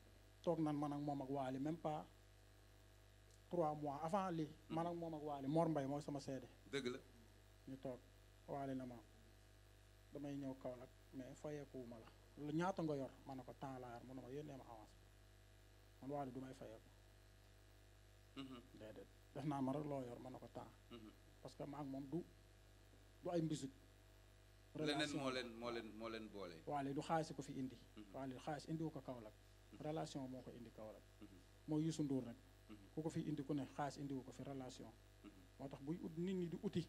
toog nan man ak mom ak Wally même pas. trois mois avant lii man ak moom ak Waly Mor mbay mooy sama seede dëgg la ñu toog Waly na ma damay ñëw Kaolack mais fayeekuwuma la ñaata nga yor man ne ko temps laa yor mu ne ma yónnee ma avance man Waly may fayeeku mhm. déedéet naa ma rek loo yor ma ne ko temps mhm. parce que ma ak moom du du ay mbisut relation moo leen moo leen moo leen boole. Waly du xaalis ko fi indi. Mhm. Waly xaalis indiwu ko Kaolack. relation moo ko indi Kaolack. mooy Youssou Ndour rek. ku ko fi indi ku ne xaalis indiwu ko fi relation moo tax buy ut nit ñi di uti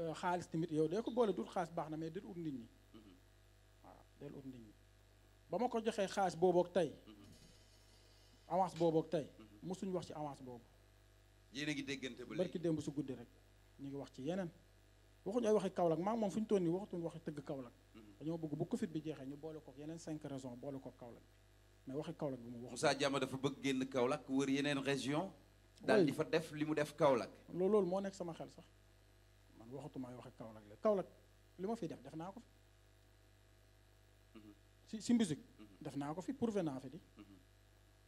euh, xaalis tamit yow de ko boole dut xaalis baax na mais del ut nit ñi waaw del ut nit ñi ba ma ko joxee xaalis boobook tey avance boobook tey mosuñ wax ci avance boobu yéen a ngi déggante ba léegi barki démb su guddi rek ñu ngi wax ci yeneen waxuñu ay waxi Kaolack maa ngi moom fu ñu toll nii waxatuñ waxi tëgg Kaolack mhm. dañoo bëgg bu Covid bi jeexee ñu boole ko yeneen cinq raison boole ko Kaolack mais waxi Kaolack bi mu wax. saa Diama dafa bëgg génn Kaolack wër yeneen région daal di fa def li mu def Kaolack. loolu loolu moo nekk sama xel sax man waxatumaay waxi Kaolack la Kaolack li ma fi def def naa ko fi. Mhm. si si mhm. def naa ko fi prouvé naa fi di. Mhm.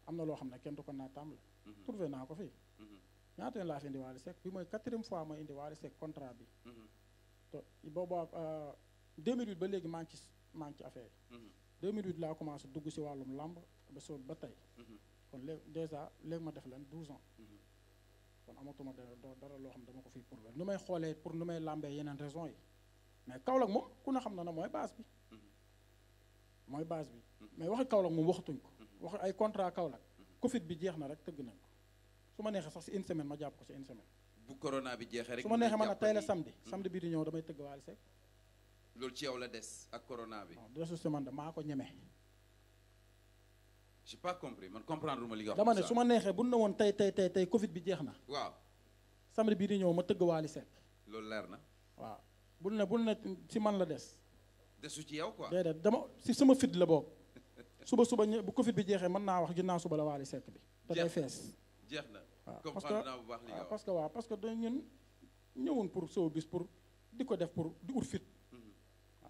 am na loo xam ne kenn du ko naataam la. prouvé naa ko fi. ñaata yoon laa fi indi Wally Seck bi mooy quatrième fois ma indi Wally Seck contrat bi. te boobu 2008 ba léegi maa ngi ci maa ngi ci affaire 2008 laa commencé dugg ci walum lamb ba so ba tey. Mhm. kon léegi dèjà léegi ma def lan 12 ans. Mhm. kon amatuma dara lo xam dama ko fii pour nu may xoolee pour nu may làmbee yeneen raison yi mais Kaolack mom ku ne xam na moy base bi. moy mhm. base bi mais waxi Kaolack mom waxatuñ ko. wax ay contrat Kaolack. Covid bi jeex na rek teug nañ ko suma ma sax ci une semaine ma japp ko ci une semaine. bu corona bi jeexee rek. suma ma neexee ma ne tey la samedi. samedi bi di ñëw damay teug Waly Seck loolu ci yow la corona je ne j'ai pas compris man comprendre li nga wax. dama ne suma nexé bu ne tay tay tay Covid bi jeexna waaw. samedi bi di ñëw ma tëgg je waaw Je ne Je ne si man la dess dessu ci yow quoi. sais dama si suma fit la bok suba suba bu Covid bi jeexé man na wax suba la bi. da day fess jeexna comprendre na bu baax li nga wax parce que waaw parce que ñun pour sow bis pour diko def pour di ut fit.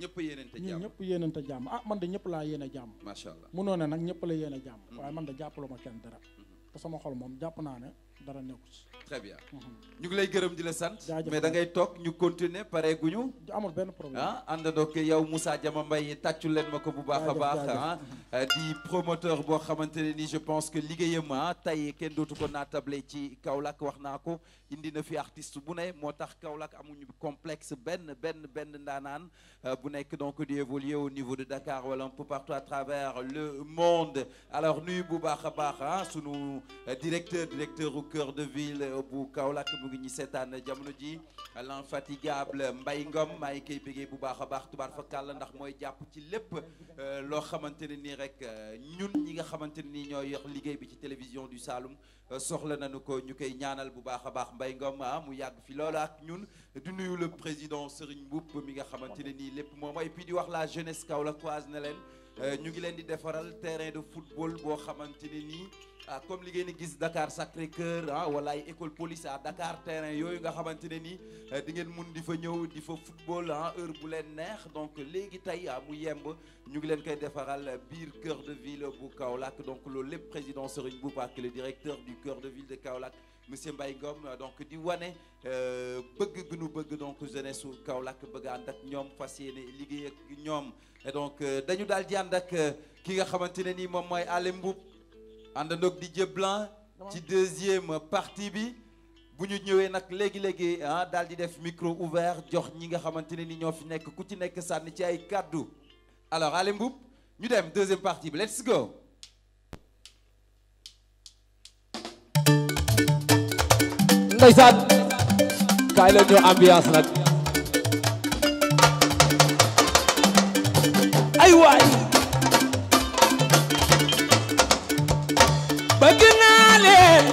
ñëpp yéenante jàmm ñëpp jàmm ah man de ñëpp laa yéene jàmm macha allah munoo ne nag ñëpp la yéene jàmm mm-hmm. waaye man de jàppaluma kenn dara mm-hmm. te sama xol moom jàpp naa ne dara nekku ci très mm-hmm. ñu ngi lay gërëm di la sant mais da ngay toog ñu continuer pare guñu amul benn problème ah àndandoo ak yow Moussa Diama Mbaye tàccul leen ma ko bu baax a baax ah euh, di promoteur boo xamante ne ni je pense que liggéeyam ah tey kenn dootu ko naatable ci Kaolack wax naa ko indi na fi artiste bu ne motax amuñu complexe ben bu donc au niveau de Dakar wala un peu partout à travers le monde alors nous, bu baakha hein, euh, au cœur de ville euh, bu Kaolack mu ngi jamono ji l'infatigable mbay Ngom may bégué bu baakha baax fa ndax moy japp ci rek ñun ñi nga télévision du Saloum soxla nañu ko ñu koy ñaanal bu baax a baax mbay Ngom ah, mu yàgg fi loola ak ñun di nuyu le président Serigne Mboup mi nga xamante ne nii lépp moom et puis di wax la jeunesse kaolackoise ne leen euh, ñu ngi leen di defaral terrain de football boo xamante ne nii ah, comme li ngeen gis Dakar Sacré Cœur ah wala école police à Dakar terrain yooyu nga xamante ni eh, di ngeen mën di fa ñëw di fa football ah heure bu len neex donc légui tay ah mu yemb ñu ngi koy défaral bir cœur de ville bu Kaolack donc le président président Serigne Mboup que le directeur du cœur de ville de Kaolack monsieur Mbaye Ngom donc di euh bëgg gu ñu bëgg donc jeunesse Kaolack bëgg ànd ak ñoom fas liggéey ak ñom et donc euh, dañu dal di ànd ak euh, ki nga xamante ni mom moy Alé Mboup àndandoog DJ Blanc ci deuxième partie bi bu ñu ñëwé nak légui légui ah dal di def micro ouvert jox ñi nga xamante ni ñoo fi nekk ku ci nekk sanni ci ay kàddu alors allez Mboup ñu dem deuxième partie bi let's go. ndaysat kay la ñu ambiance nak ay waay bëgg naa leen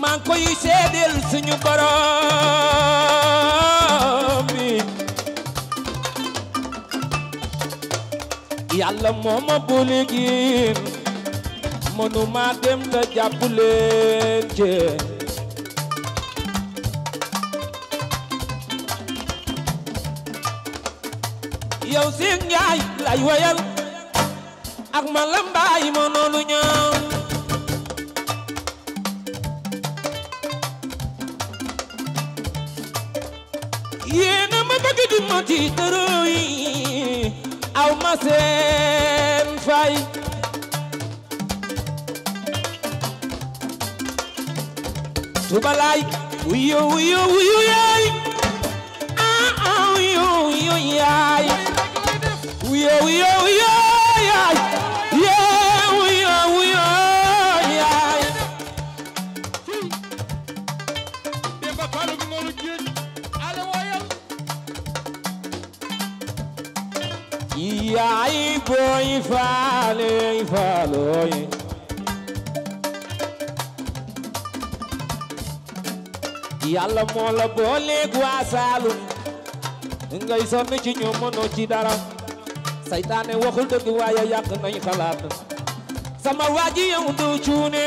maa ngi koy seedeel suñu borom bi yàlla moo ma dem te jàpp leen ci yow si lay wayal ak ma lambaay moo noonu ñaaw yéena ma bëgg ma ci aw ma seen fay tubalaay wuyo wuyo wuyo yaay ah ah Um foi falei, falou. yàlla moo la booleeg waa Saalum ngay sonn ci ñu mënoo ci dara saytaane waxul dëgg waaye yàq xalaat sama waa ji yow cuune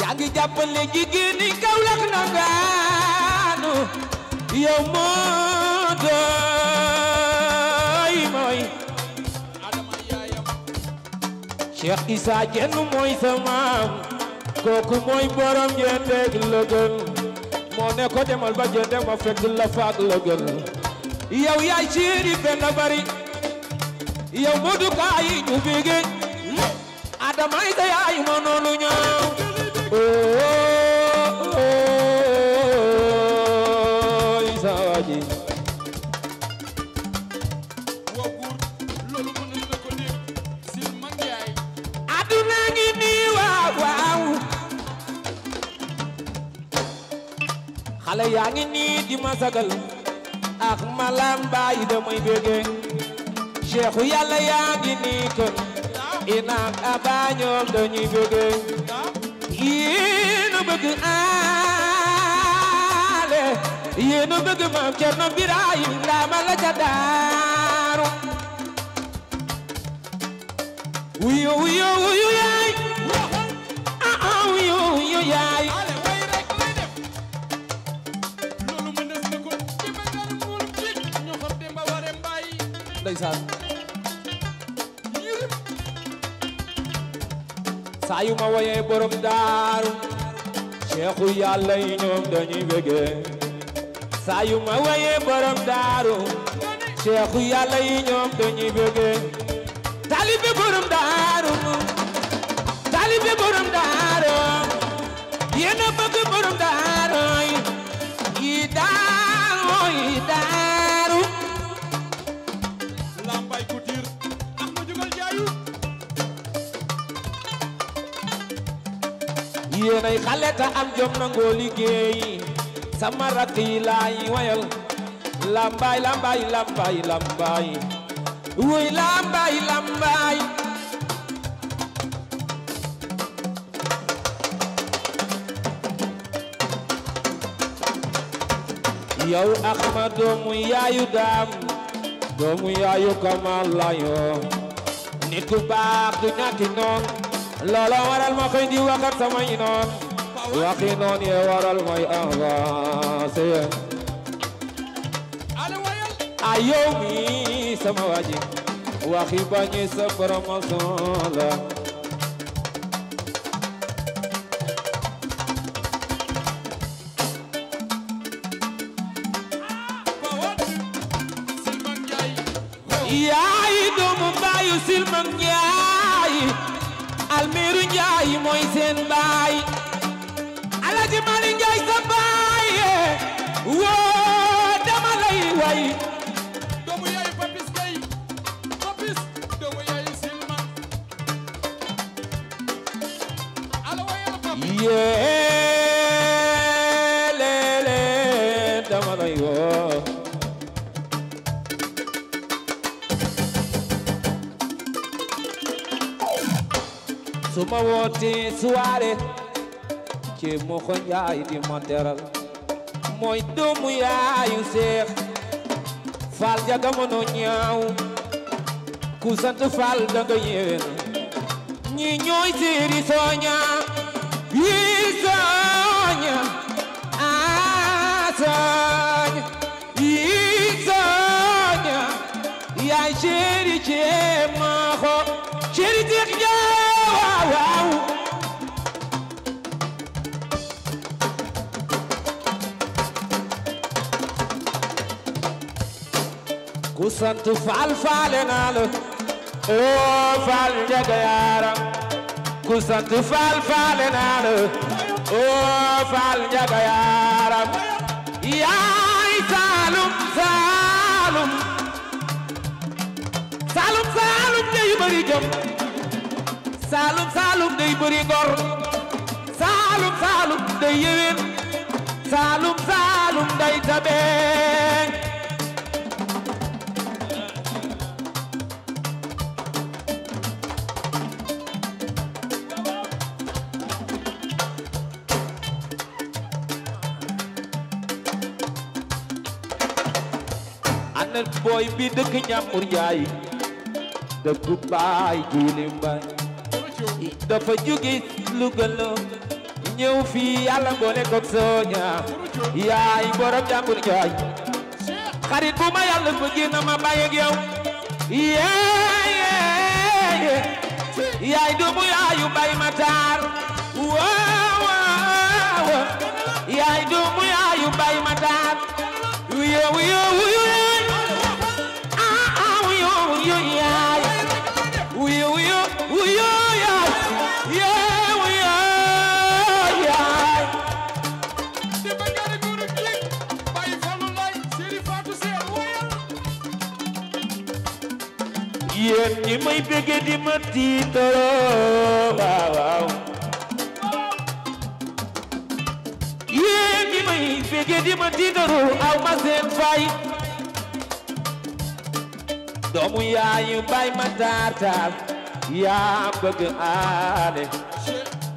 yaa ngi jàppale jigéen ñi Kaolack na nga yow moo doy mooy adama yaayam Cheikh Issa Dieng mooy sa maam kooku mooy borom jendeeg la moo ne ko demal ba jendeeg ma fekk la faak la gën yaay ciiri benn bari yow moo kaayi ñu adama yi yaay ma noonu di ma sagal ak malam baay damay bëgge Seexu Yàlla yaa ngi nii kon inaak aba ñoom dañuy bëgge yéenu bëgg aale yéenu bëgg maam Cerno Birahim ndama la ca daaru wuyo wuyo yaay ah ah wuyo wuyo ndeysaan saa yu ma woyee borom daaru ceexu yàlla yi ñoom dañuy bëgge saa yu ma woyee borom daaru ceexu yàlla yi ñoom dañuy bëgge taalibe borom daaru taalibe borom daaru yéena nay xale ta am jom nangoo liggéey sama rakk yi laay wayal lambay lambay lambay lambay wuy lambay lambay yow axma doomu yaayu daam doomu yaayu kamal layo nit ku baax du ñàkki noon loola waral ma koy di waxat samay noon waxi noon ye waral may avancé a yow mi sama waji waxi bañi sa promotion la ah, yaay doomu baayu silman ma wootee soirée ci Mokho Njaay di ma mooy doomu yaayu seex faal ja gamono ñaaw ku sant faal danga yéwén ñooy séeri sooña tu faal faale naa la oo oh, faal njaga yaara ku sant faal faale naa la oo oh, faal njaga yaara yaay saalum saalum saalum saalum day bëri jom saalum saalum day bëri ngor saalum saalum day yeween saalum saalum day tabeeñ booy bi dëkk ñàmbur yaay dëkku baay juuli mbaay dafa jóge Louga la ñëw fii yàlla boole koog sooña yaay borom ñàmbur yaay xarit bu ma yàlla bëggee na ma bàyyi ak yow yaay yaay doomu yaayu bay ma taar waaw waaw yaay doomu yaayu bay ma taar yow yow may bëgge di ma tiitaroo waaw waaw yéen ñi may bëgge di ma tiitaroo aw ma seen fay doomu yaayu bay ma taataar yaa bëgg aane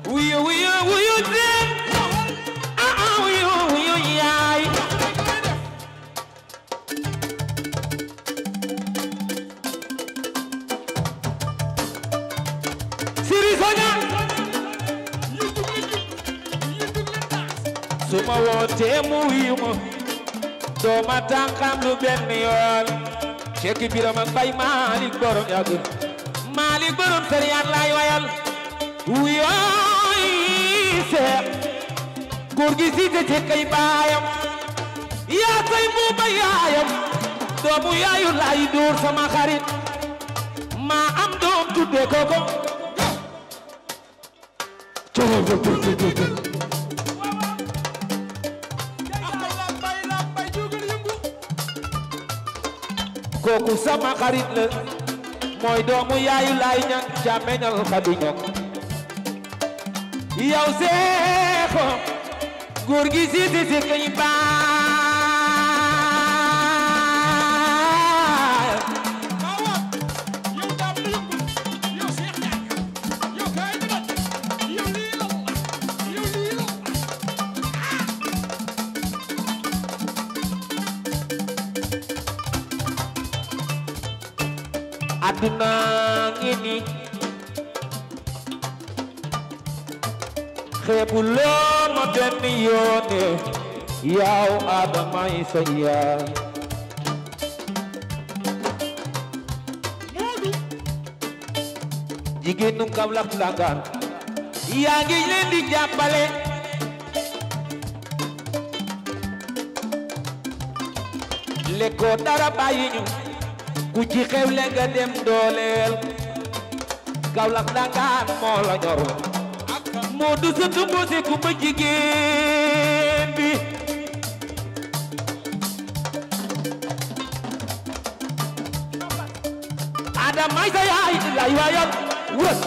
wuyu wuyu wuyu dee te mu wiyu ma dooma tànkam lu benn yoon Ceeki Biram ak Bay Maalik borom yaa gën Maalik borom sariyaan laay wayal wuyooy seex góor gi siite cekkay baayam yaa tay mu ba yaayam doomu yaayu laay dóor sama xarit maa am doom tudde ko ko kooku sama xarit la mooy doomu yaayu laay ñan jàmmeñal xadu ñok yow seexo góor gi siiti si kañ ni xeebuloo ma benn yoone yaaw Adama sa yaay jigéenu Kaolack Ndangaan yaa ngi leen di jàppale lekkoo dara bàyyi ñu ku ci xewle nga dem dooleel Kaolack dangaan moo la ñor moo du sëtu moo si ku ma jigéen bi Adama may sa yaay lay waayam wës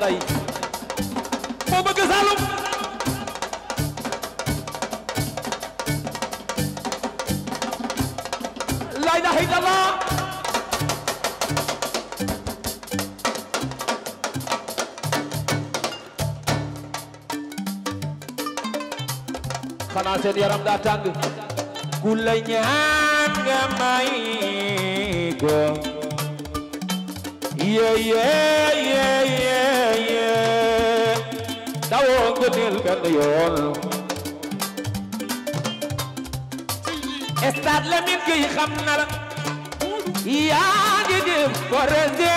tey moo bëgg Saloum laa ilaaha illallah xanaa seen yaram daa tàng ku la ñaan nga may ko yeah yeah yeah yeah yoo gëneel benn yoon stade Lamine Gueye xam na la yaa ngi dem korese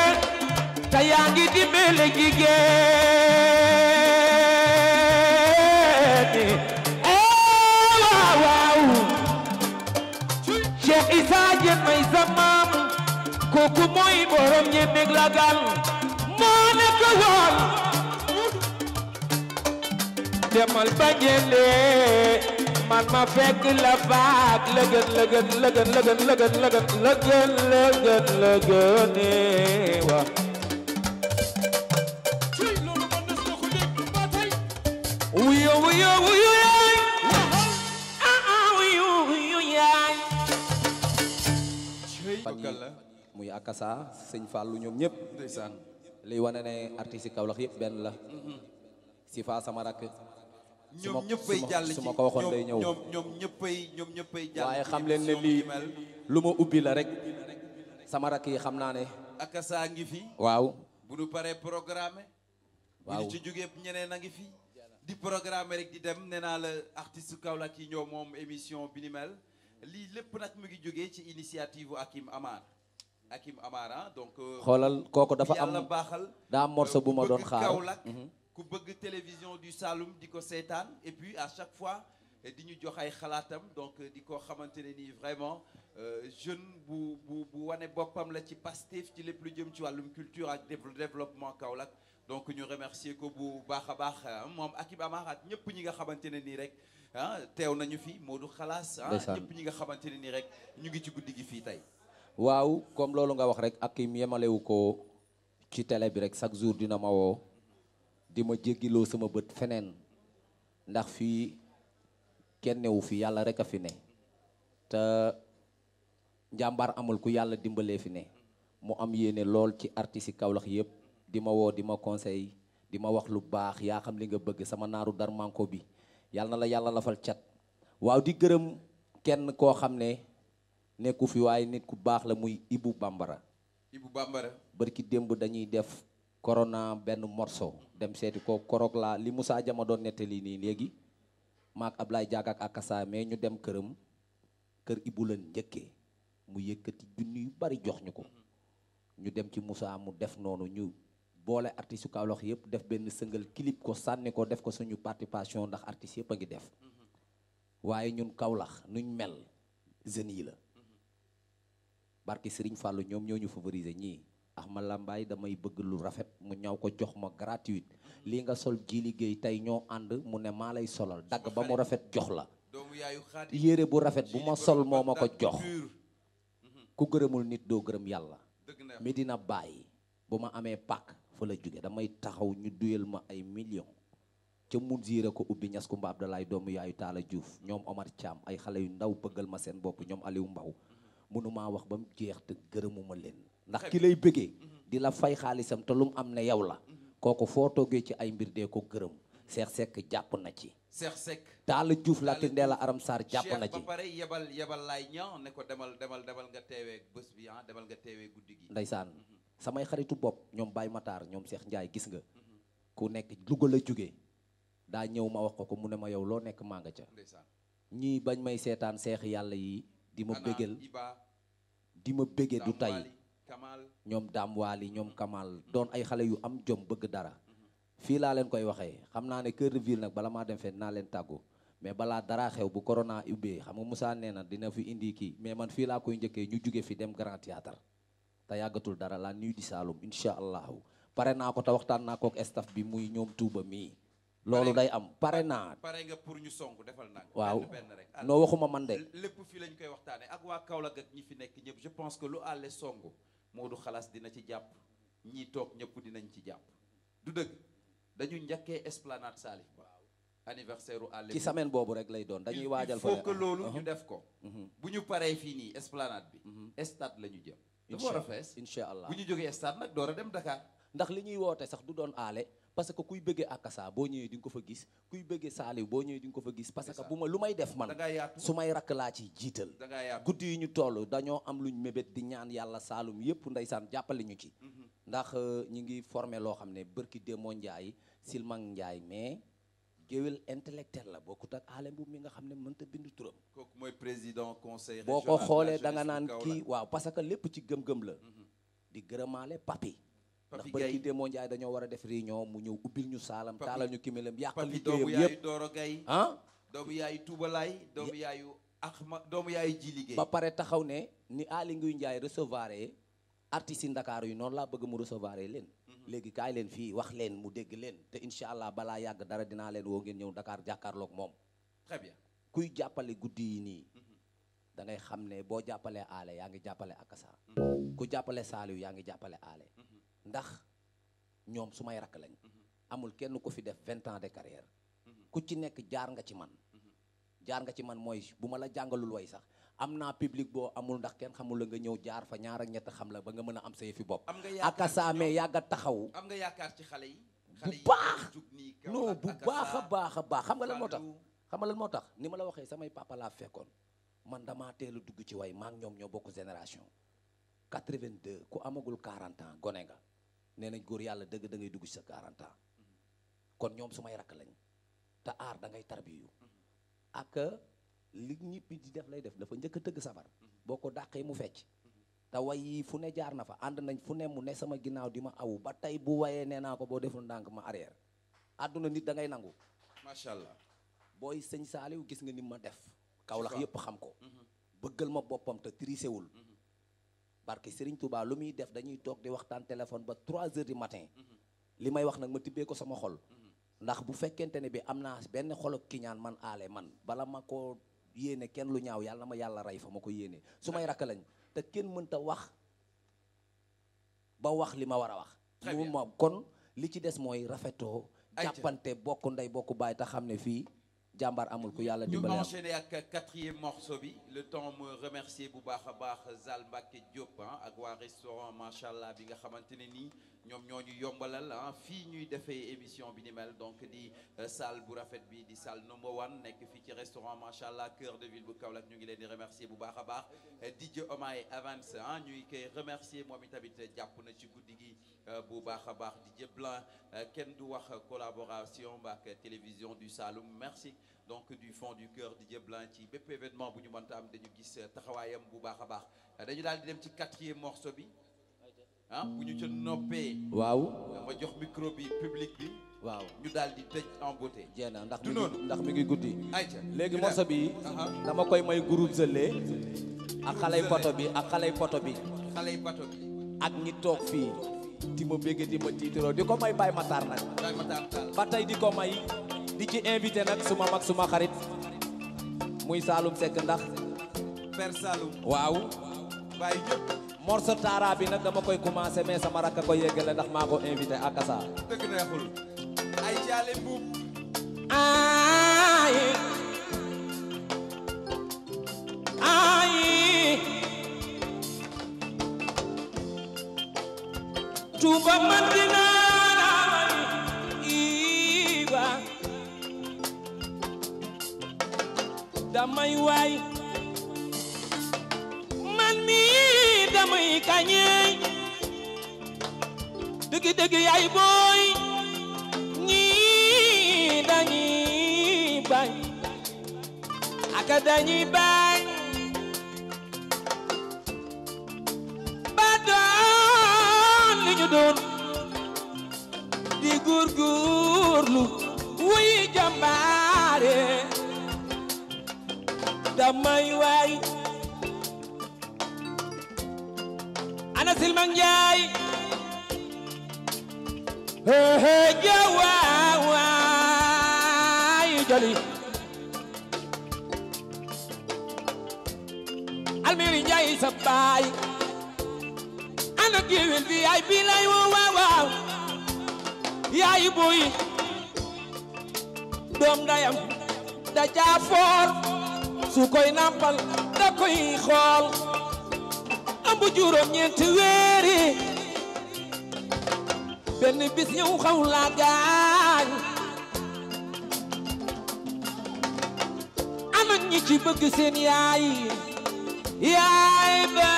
te yaa eh, borom ñemeeg la gal demal ba ngénde man ma fekk la faak lëgën lëgën lëgën lëgën lëgën lëgën lëgën lëgën lëgënee wa wuyo wuyo wuyo yaay aa ah, ah, wuyo wuyo yaay muy akasa sëñ Fallou ñoom ñëpp liy wane ne artiste Kaolack yëpp benn la mhm. si fa sama rakk ñoom ñëppay jàll ci su ma ko waxoon day ñëw ñoom ñoom ñëppay ñoom ñëppay jàll waaye xam leen ne lii lu ma ubbi la rek sama rakk yi xam naa ne ak ngi fi waaw bu nu paree programme waaw ci jógee ñeneen a ngi fi di programme rek di dem nee naa la artiste Kaolack yi ñoo moom émission bi ni lii lépp nag mu ngi jógee ci initiative u Hakim Amar Hakim Amar ah, donc euh, xoolal kooku dafa am yàlla baaxal daa am morceau bu ma euh, doon xaar ku bëgg télévision du Saloum Diko ko et puis à chaque fois eh, Dignu ñu jox ay donc eh, Diko ko vraiment euh, jeune bu bu wane qui la ci Pastif, ci lépp lu jëm ci wàllum culture ak développement Kaolack donc nous remercier ko bu baax baax ah, moom Akib amarat ñëpp ñi nga xamante ne rek ah nañu fi Modou Khalas, ah ñi nga rek ñu ngi ci guddi gi comme l'on nga wax akim yemaleuko yemalewu ko ci télé bi rek chaque jour dina dima ma jéggiloo sama bët fenen, ndax fi kenn newu fi yàlla rek fi ne te njàmbaar amul ku yàlla dimbalee fi ne mu am yene lol ci artiste yi dima di dima di conseil di wax lu baax yaa xam li nga bëgg sama naaru darmanko bi la fal chat waaw di gërëm kenn ko xam ne nekku fi waaye nit ku baax la muy Bambara ibu Bambara barki démb dañuy def corona ben morso dem seeti ko korok la li Moussa Dia don neteli ni legi mak ablay Ablaye ak Akassa me ñu dem kërëm kër Ibou leen njëkkee mu yëkëti junni yu bari jox ñuko ñu dem ci musa mu def nonu ñu boole artiste ka Kaolack yëpp def ben sëngal clip ko sanni ko def ko suñu participation ndax artiste yëpp a def waye ñun Kaolack nuñ mel jeune yi la mhm. barki Serigne fallu ñom ñoo ñu favoriser ñi ax ah, ma làmbaay damay bëgg lu rafet mu ñaw ko jox ma gratuite li nga sol jili liggéey inyo ñoo and mu ne ma lay solal dag ba mu rafet jox la yére bu rafet bu ma sol moo ko jox mhm. ku gëremul nit do gërem yalla Medina bay bu ma pak pak fa la juggé damay taxaw ñu duyel ma ay million ca Mounzira ko ubbi ñas ko mbab dalay doomu yaayu Taala juuf ñom Omar cham ay xalé yu ndaw bëggal ma seen bop ñom Aliou Mbaw mhm. mënumaa wax bam jeex te gëremuma len ndax ki lay bëggé di la fay xaalisam té lu am né yaw la koku fo toogee ci ay mbir dé ko gëreum Cheikh sek japp na ci Cheikh dal djouf la Latir Ndella Aram Sar japp na ci ba pare yebal yebal laay ñan ne ko demal demal demal nga ak bëss bi ha ah, demal nga téwé guddi gi ndeysaan mhm. samay xaritu bop ñom bay Matar ñom Cheikh ndjay gis nga ku nekk duggal la juggé da ñew ma wax ko ko mu ne ma yow lo nekk ma nga ca ñi bañ may sétane cheikh yalla yi di ma bëggel di ma bëggé du tay ñom dam wali ñom Kamal don ay xalé yu am jom bëgg dara fi la leen koy waxee xamna naa ne cœur de ville nak bala ma dem fenn na leen taggu mais bala dara xew bu corona ubé xam nga Moussa nee dina fi indi ki mais man fi la koy ñëkke ñu juggé fi dem Grand Théâtre ta yagatul dara la nuit di salum inshallah paré pare naa ko te waxtaan naa kook staff bi muy ñom Touba mi lolu day am paré na paré nga pour ñu song defal naa waaw no waxuma man de. lepp fi lañ koy waxtaanee ak wa Kaolack ak ñi fi nekk ñëpp je pense que lu allé songu. Moodu Xalaas dina ci jàpp ñii toog ñëpp dinañ ci jàpp du dëgg dañu njëkkee esplanade Saly anniversaire u ci semaine boobu rek lay doon dañuy waajal fa loolu uh-huh. ñu def ko uh-huh. bu ñu paree fii nii esplanade bi uh-huh. stade la ñu jëm dafa war a fees allah bu ñu jógee stade nag door a dem Dakar ndax li ñuy woote sax du doon aale parce que kuy bëggé akasa bo ñëwé di nga ko fa gis kuy bëggé salé bo ñëwé di nga ko fa gis parce que buma ma lu may def man sumay rak la ci jiital guddi yi ñu tollu dañoo am luñu mebet di ñaan yalla salum yépp ndaysan jàppale ñu ci mhm. ndax euh, ñi ngi formé lo xamné ne bërki démoo silmang njaay mais gewel intellectuel la bokkut ak aale bu mi nga xam mën ta bindu turam kok moy président conseil régional boko xolé da nga nan ki waaw parce que lépp ci gëm-gëm la mhm. di gëremalé papi ndax bërki démoo Njaay dañoo war a def réunion mu ñëw ubbil ñu saalam taalal ñu kimilam yàqal liggéeyam yëpp Dooro Gay ah doomu yaayu tuubalaay doomu yaayu axma doomu yaayu ji ba pare taxaw ne ni Aly Ngouille Ndiaye recevoir artistes yi Ndakaaru yi noonu laa bëgg mu recevoir leen mhm. léegi kaay leen fii wax leen mu dégg leen te incha allah balaa yàgg dara dinaa leen woo ngeen ñëw Dakar jàkkaarloog moom très kuy jàppale guddi yi nii mhm. dangay xam ne boo jàppale aale yaa ngi jàppale akasa mhm. ku jàppale saaliw yaa ngi jàppale aale ndax ñom suma may lañ amul kenn ku fi def 20 ans de carrière ku ci nek jaar nga ci man jaar nga ci man moy buma la jangalul way sax amna public bo amul ndax kenn xamul la nga ñew jaar fa ñaar ak ñett xam la ba nga mëna am sa yëfi bopp aka ya ga taxaw am nga yaakar ci xalé yi bu baax no bu baaxa baaxa baax xam nga lan motax xam nga lan motax ni ma la waxe samay papa la fekkon man dama teel dugg ci way ma ak ñom ñoo bokk génération 82 ku amagul 40 ans gone nga nee nañ góor yàlla dëgg da ngay dugg ci sa 40 ans kon ñoom su rakk lañ te aar da ngay tarbiyu ak li ñëpp di def lay def dafa njëkk a tëgg sabar boo ko dàqee mu fecc te way yi fu ne jaar na fa ànd nañ fu ne mu ne sama ginnaaw di ma awu ba tey bu wayee nee naa ko boo deful ndànk ma arrière àdduna nit da ngay nangu macha allah booy sëñ saaliw gis nga ni ma def Kaolack yëpp xam ko mhm. bëggal ma boppam te trisewul mhm. barke Serigne Touba lu muy def dañuy toog di waxtaan téléphone ba 3 heures du matin li may wax nag ma tibbee ko sama xol ndax bu fekkente ne bi am naa benn xol ak kiñaan man aale man bala ma ko yéene kenn lu ñaaw yàlla na ma yàlla rey fa ma ko yéene su may rakk lañ te kenn mënta wax ba wax li ma war a wax mu ma kon li ci des mooy rafetoo jàppante bokk ndey bokk baay te xam ne fii Nous amul ko yalla dimbalé ak quatrième morceau bi le temps me remercier bu baax Zalba Zal Diop hein, ak wa restaurant machallah bi nga xamante ni ñom ñoom yombalal hein. ñuy émission bi ni mel donc di euh, salle bu rafet bi di salle number one nek que ci restaurant machallah cœur de ville bu Kaolack ñu ngi leen di remercier bu baax a DJ Omaye Avance ñuy remercier moom itamit japp na ci goudi gi. Euh, bu Didier Blin Ken du collaboration télévision du Saloum merci donc du fond du cœur Didier Blin ci bépp événement bu ñu am dañu gis euh, taxawaayam bu baax a baax euh, dañu daal dem quatrième morceau bi ah, micro public bi. waaw ñu en beauté. ndax Zélé. ak bi ak di ma bégg di ma tiitaroo di ko may Baye Matar nag ba tey di ko may di ci invité nag suma mag suma xarit muy Saloum Seck ndax Père Saloum waaw morso taara bi nag dama koy commencé mais sama rakk ko yeggale ndax maa ko invité akasa ay jaale mbuub ay Touba Madina iwa damay waay man mi damay kañey dëgg dëgg yaay booy ñi dañuy bañ aka dañuy bañ doon di góorgóorlu wuy jàmbaare damay waay ana silma njaay hee jawaay joli almiri njaay sa baay géwél bi yaay bi lay woo waaw yaay buy doom ndayam da jaafoor su koy nampal da koy xool am juróom ñeenti weeri benn bis ñëw xaw laa gaañ ñi ci bëgg seen yaay yaay ba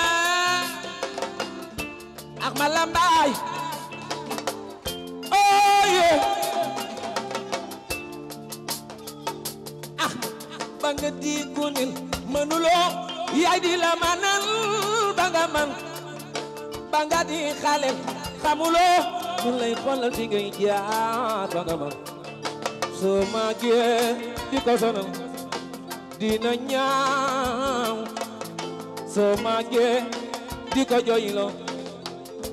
Mala Mbaay ooye oh, ah ba nga diigunil mënuloo yaay di la manal ba nga man ba nga xale xamuloo mu lay xoolal fi ngay jaar ba man soo màggee di ko sonal dina ñaaw soo màggee di ko jooyloo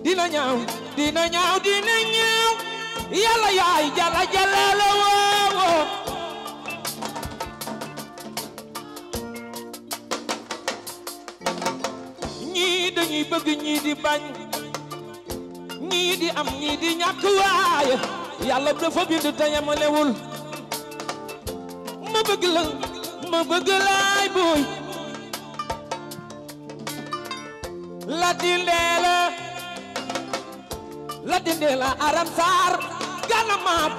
dina ñaaw dina ñaaw dina ñaaw yaay jalla jalaala woowoo ñii dañuy bëgg ñii di bañ ñii di am ñii di ñàkk waaye yàlla dafa bind te yemalewul ma bëgg la ma bëgg laay booy la dile dindila aram saar gana maab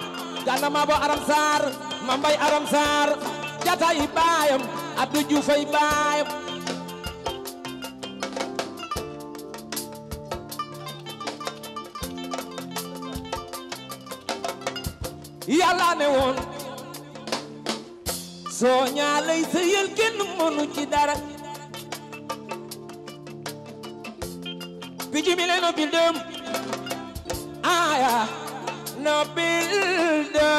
mambay aram saar baayam Abdou Diouf ay baayam yàlla woon soo ñaalay sëyal kenn ci dara picc mi bindam fire. No builder.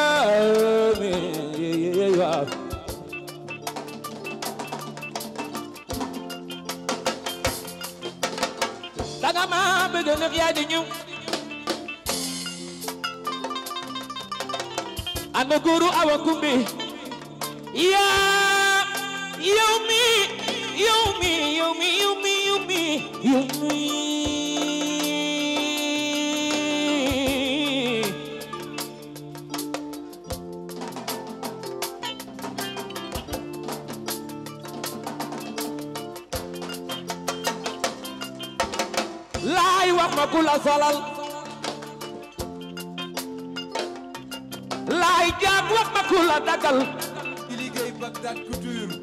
Tagama begin of Yadinu. And the Guru Awakumbi. Yeah, you me, you me, you me, you me, you me, you me. magul asalal laay jaag wax magul a dagal di liggéey Bagdad Couture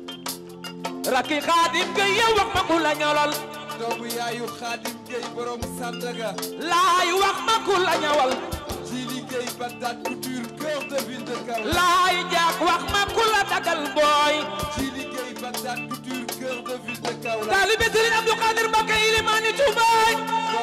rakki Xaadim Gey yow wax magul a ñolal doomu yaayu Xaadim Gey borom Sandaga laay wax magul a ñawal di liggéey Bagdad Couture cœur de ville de Kaolack laay jaag wax magul a dagal booy di liggéey Bagdad Couture cœur de ville de Kaolack taalibe Serigne Abdou Khadir Mbacké Ilimani Touba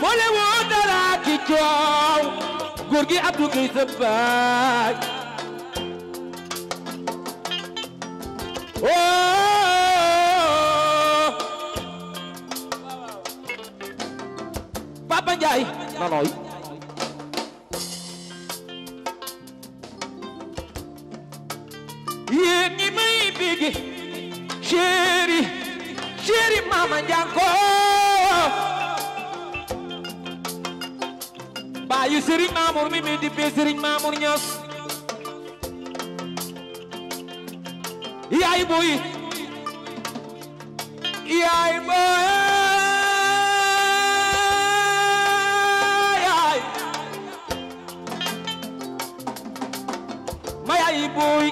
boole woo dara ki coow góor gi Abdou Gueye sa baay oo oh! Papa Njaay nanooy yéen ñi may bégge chéri chéri Mama Njaay ko gi Serigne Mamour mi mi dippee Serigne Mamour Niass yaay boy yaay boy yaay ma yaay boy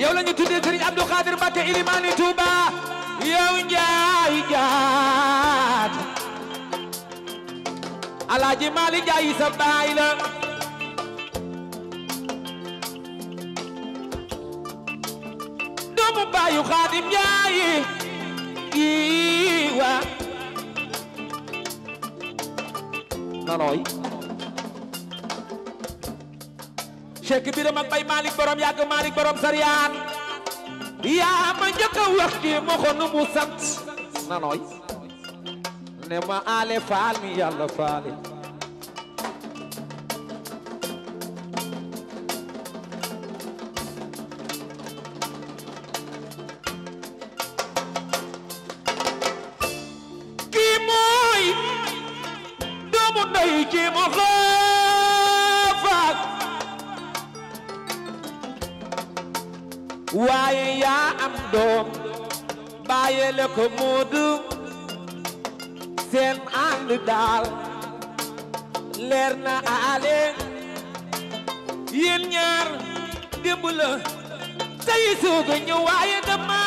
yow la ñu tuddee Serigne Abdou Khadir Mbacké Ilimani Touba yow njaay njaay alaaji Malick Ndiaye sa baay la doomu baayu Xaadim Ndiaye iwa nanooy Cheikh Biram ak Bay Malick borom yàgg Malick borom sariyaan yaa ma njëkk wax ci moxo nu mu sant nanooy ne ma ale faal mi yàlla faale ne ko Moodu seen ànd daal leer na ale yéen ñaar démb la tey soog a ñëw waaye dama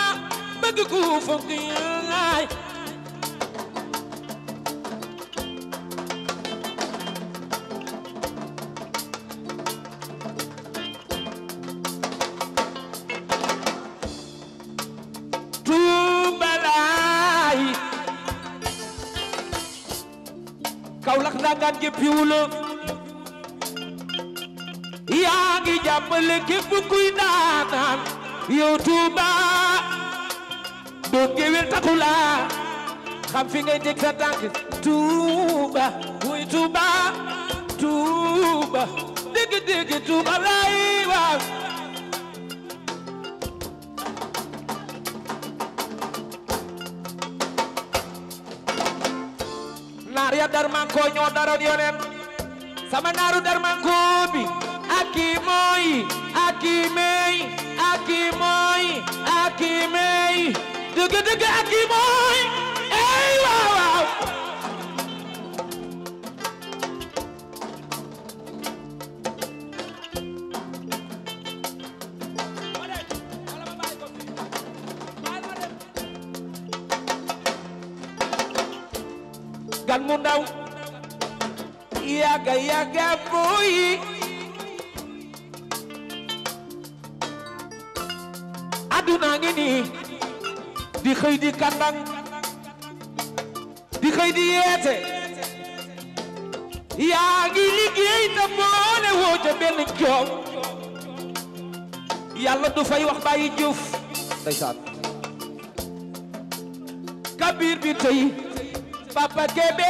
bëgg ku fonk gi piwula yaa ngi jàppale képp kuy naanaan yow Tuuba doon géwél taxula xam fi ngay teg sa tànk Tuuba muy Tuuba Tuuba dégg dégg Tuuba lay ko ñoo daroon yonen sama naaru darmankoobi aki mooy aki meey aki mooy aki meey dëgg dëgg aki mooy kandang di xëy di yeete yaa ngi liggéey te boole woo ca benn joom yàlla du fay wax bàyyi jëf ndeysaan kabir bi tey papa kebe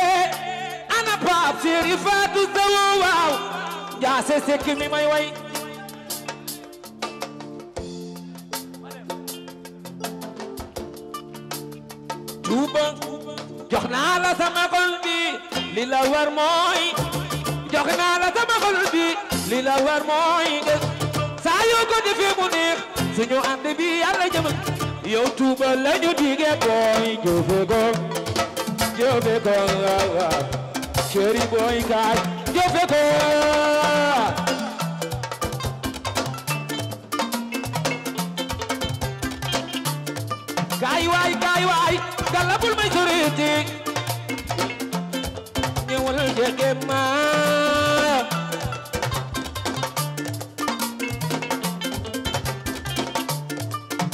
ana paap séeri faatu sawo waaw jaase sekk mi may way la sama xol bi li la war mooy jox naa la sama xol bi li la war mooy saa yoo ko defee mu neex suñu ànd bi yàlla jëm yow tuuba la ñu digee booy jëfe ko jëfe ko chéri booy kaay jëfe ko kaay waay kaay waay galabul may soriiti dege ma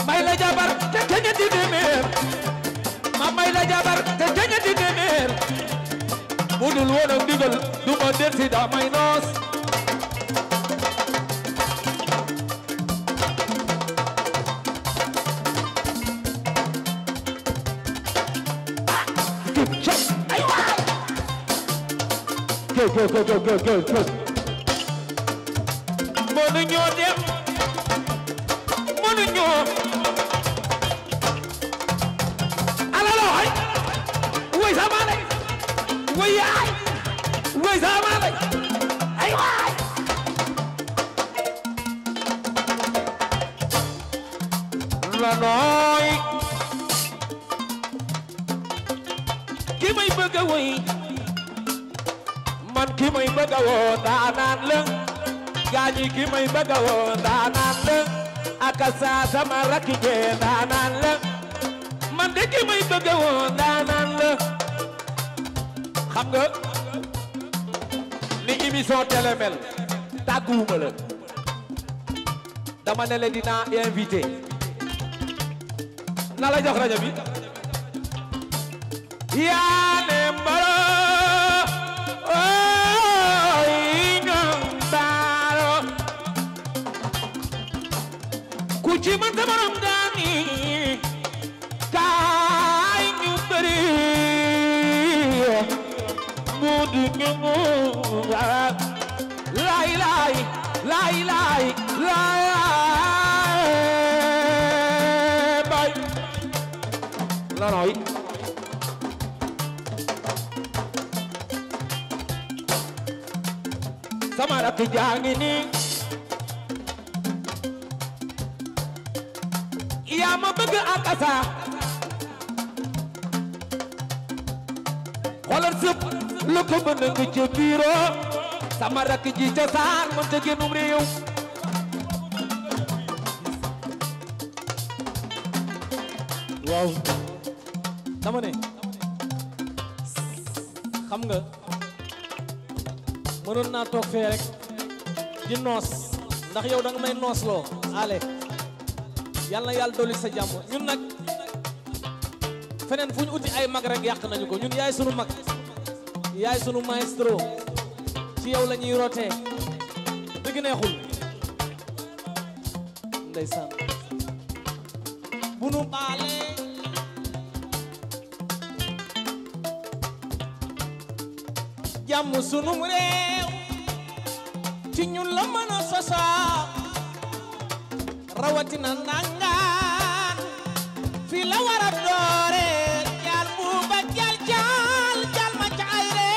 may la jabar te teñati téeméer ma may la jabar te teñati téeméer budul woon ak ndigal du ma del si may noos go go go go go go. ñi ki may bëgg a woo ndaanaan la ak saa sama rakk jee ndaanaan la man de may bëgg a woo ndaanaan la xam nga ni émission télé mel tàgguwuma la dama ne la invité na la jox rajo bi jëf jaa ngi nii yaa ma bëgg ak asaa xoolal sëpp lu ko mën a nga ca biiro sama rakk ji ca saar waaw dama xam nga mënoon naa toog fee di noos ndax yow da nga may noosloo ale yàlla na yàlla dolli sa jàmm ñun nag feneen fu ñu uti ay mag rek yàq nañu ko ñun yaay sunu mag yaay sunu maestro ci yow la ñuy rotee dëgg neexul ndeysaan bu nu baalee jàmm sunum ree sosaa rawatina nangaan fi la wara doore jaal buuba jaal jaal jaal ma caayre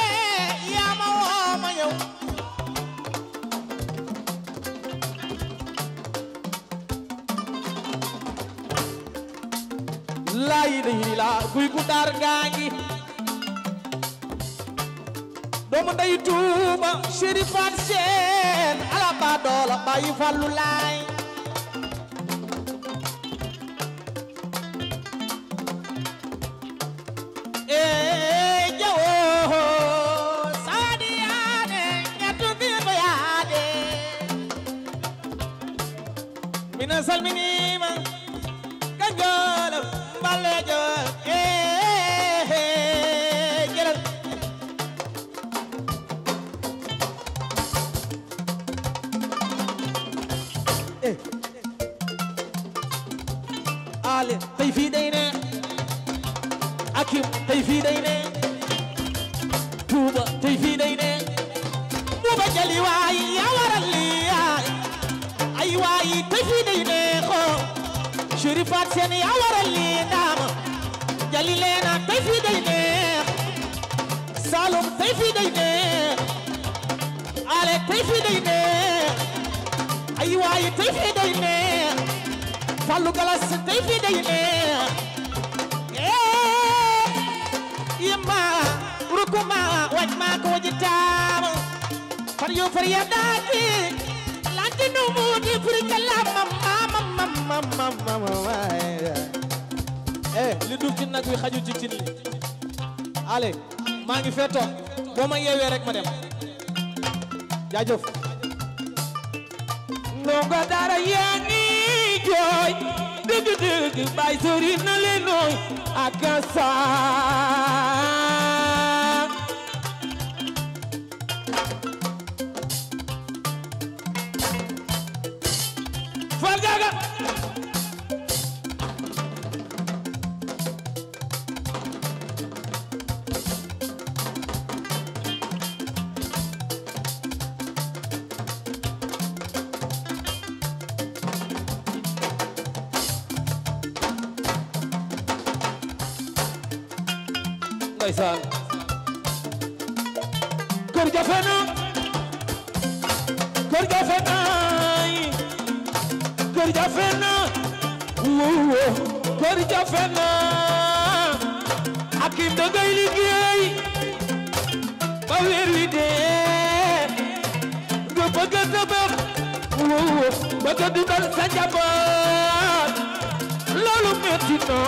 yaa ma woo ma yow laa yi la guy gu daar gaangi doomu nday tuuba sherifaat see baa doola Baay Fallu laay ndeysaan kër jafe na kër jafe na kër jafe na wuwo kër jafe na ak da ngay liggéey ba weer wi dee nga bëgg a tabax wuwo bëgg a dundal sa njaboot loolu na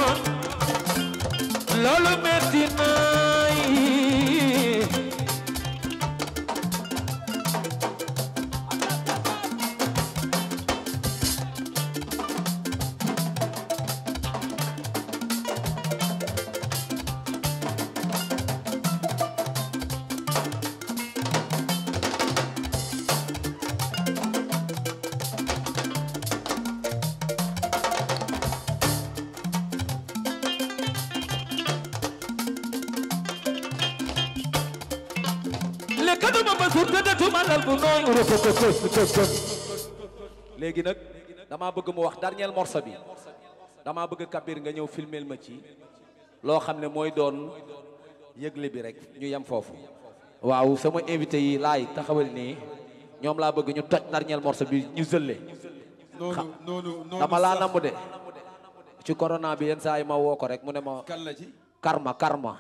loolu metti na léegi nag damaa bëgg mu wax dernier morceau bi dama bëgg Kabir nga ñëw filmeel ma ci loo xam ne mooy doon yëgle bi rek ñu yem foofu waaw sama invité yi laay taxawal nii ñoom laa bëgg ñu toj darñeel morceau bi ñu zëlle dama laa namm de ci corona bi yenn saay yi ma woo ko rek mu ne ma kan la ci karma karma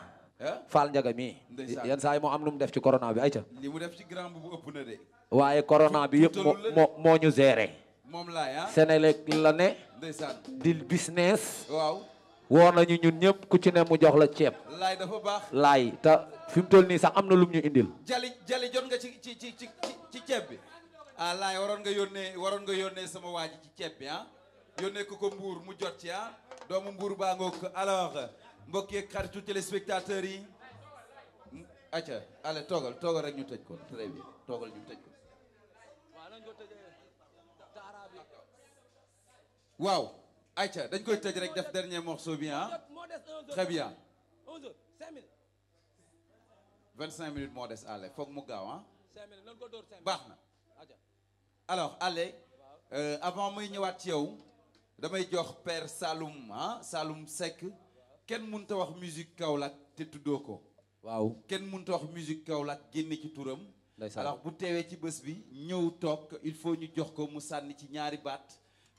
faal njaga mi yenn saa moo am lu mu def ci corona bi ayca li mu def ci grand bu ëpp na waaye corona bi yëpp moo moo ñu géré. moom laay ah Sénélec la ne. ndeysaan di business. waaw woo nañu ñun ñëpp ku ci ne mu jox la ceeb. laay dafa baax laay te fi mu toll nii sax am na lum ñu indil. jali jali jot nga ci ci ci ci ci ceeb bi. ah laay waroon nga yónnee waroon nga yónnee sama waañ ji ci ceeb bi ah. yónnee ko ko mbuur mu jot ci ah. doomu mbuur baa ngoog alors mbokk yeeg xaritu téléspectateurs yi. acca allez toogal toogal rek ñu tëj ko très bien toogal ñu tëj Wow, Aïcha, dañ koy tëj rek dernier morceau bien ah. très bien 25 minutes modeste, allez Faut que je ah alors allez euh, avant muy ñëwaat ci yow damay jox père Saloum ah, Saloum sec sec. musique waaw musique tout alors bu faut ci tu bi il faut que jox ko mu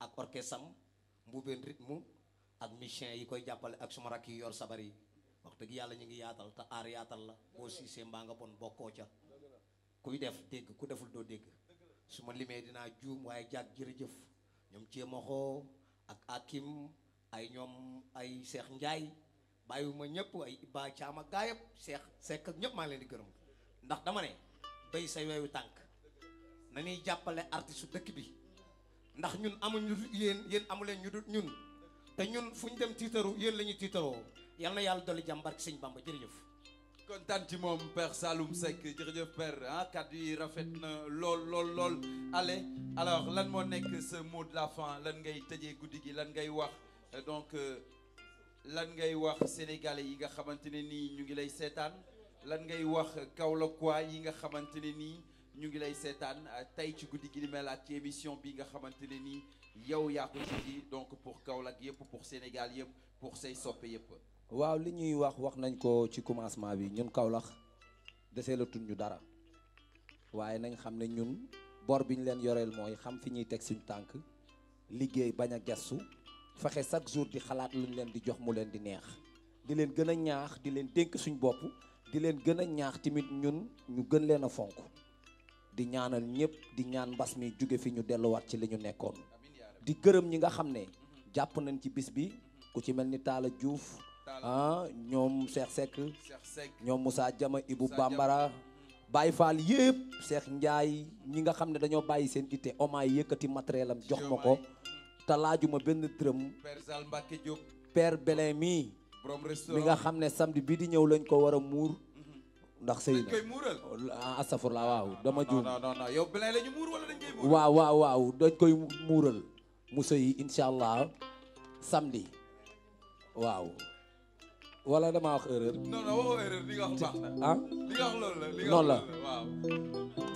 ak orkesam am mbuubeen rythme ak musicien yi koy jappale ak suma rak yi yor sabari wax deug yalla ñi ngi yaatal ta ar yaatal la si se mba nga bon bokko ca kuy def deg ku deful doo dégg su ma limee dinaa juum waaye jàkk jërëjëf ñoom Céemaxoo ak Akim ay ñom ay cheikh Njaay bàyyiwuma ñepp ay Iba chama gayep cheikh sek ak ñepp ma leen di ndax dama ne bay say yooyu tank na jappale artiste dekk bi ndax ñun amuñ lu yeen yeen amulen ñu dut ñun te ñun fuñ dem titeru yeen lañu titero yalla na yalla doli jam barki seigne bamba jerejeuf kontan ci mom père saloum sek jerejeuf père ha ah, kaddu yi rafet na lol lol lol allez alors lan mo nek ce mot de la fin lan ngay tejé guddigi lan ngay wax euh, donc euh, lan ngay wax sénégalais yi nga xamantene ni ñu ngi lay sétane lan ngay wax quoi yi nga xamantene ni ñu ngi lay seetaan euh, tey ci guddi gi di melaat ci émission bi nga xamante ne nii yow yaa ko ci donc pour Kaolack yëpp pour Sénégal yëpp pour say soppe yëpp. waaw li ñuy wax wax nañ ko ci commencement bi ñun Kaolack desee la tun ñu dara waaye nañ xam ne ñun bor bi ñu leen yoreel mooy xam fi ñuy teg suñu tànk liggéey bañ a gestu fexe chaque jour di xalaat luñ leen di jox mu leen di neex di leen gën a ñaax di leen dénk suñ bopp di leen gën a ñaax tamit ñun ñu gën leen a fonk di ñaanal ñëpp di ñaan finyo mi juggé fi ñu wat ci li ñu nekkoon di gërëm ñi nga xamné japp nañ ci bis bi ku ci melni Tala Talla Diouf ah ñom Cheikh Sek ñom Moussa Jama Ibou Bambara Baye Fall yépp Cheikh Ndiaye ñi nga xamné dañoo bayyi seen ité oma yëkkati matériel jox ma ta laajuma benn dërëm Père Belin mii mi nga xamné samedi bi di ñew lañ ko wara mur ndax sëy na astafurla waaw dama juum yow bilay la koy muur waaw waaw waaw dañ allah samedi waaw wala dama wax erreur non ah? la noonu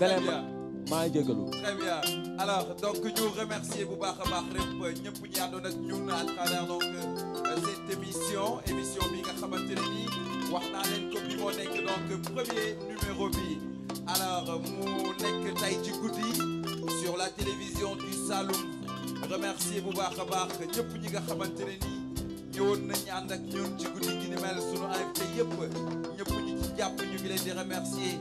la maa ngi très bien alors donc ñu remercier bu baax a baax rek ñëpp ñi àndoon ak ñun à travers donc euh, cette émission émission bi nga xamante ne nii ko bi moo nekk donc premier numéro bi alors mu nekk tay ci guddi sur la télévision du Saloum remercier bu baax a baax ñëpp ñi nga xamante ne nii ñëwoon nañu ànd ak ñun ci guddi gi ni mel sunu invité yëpp ñëpp ñu ci jàpp ñu ngi leen remercier.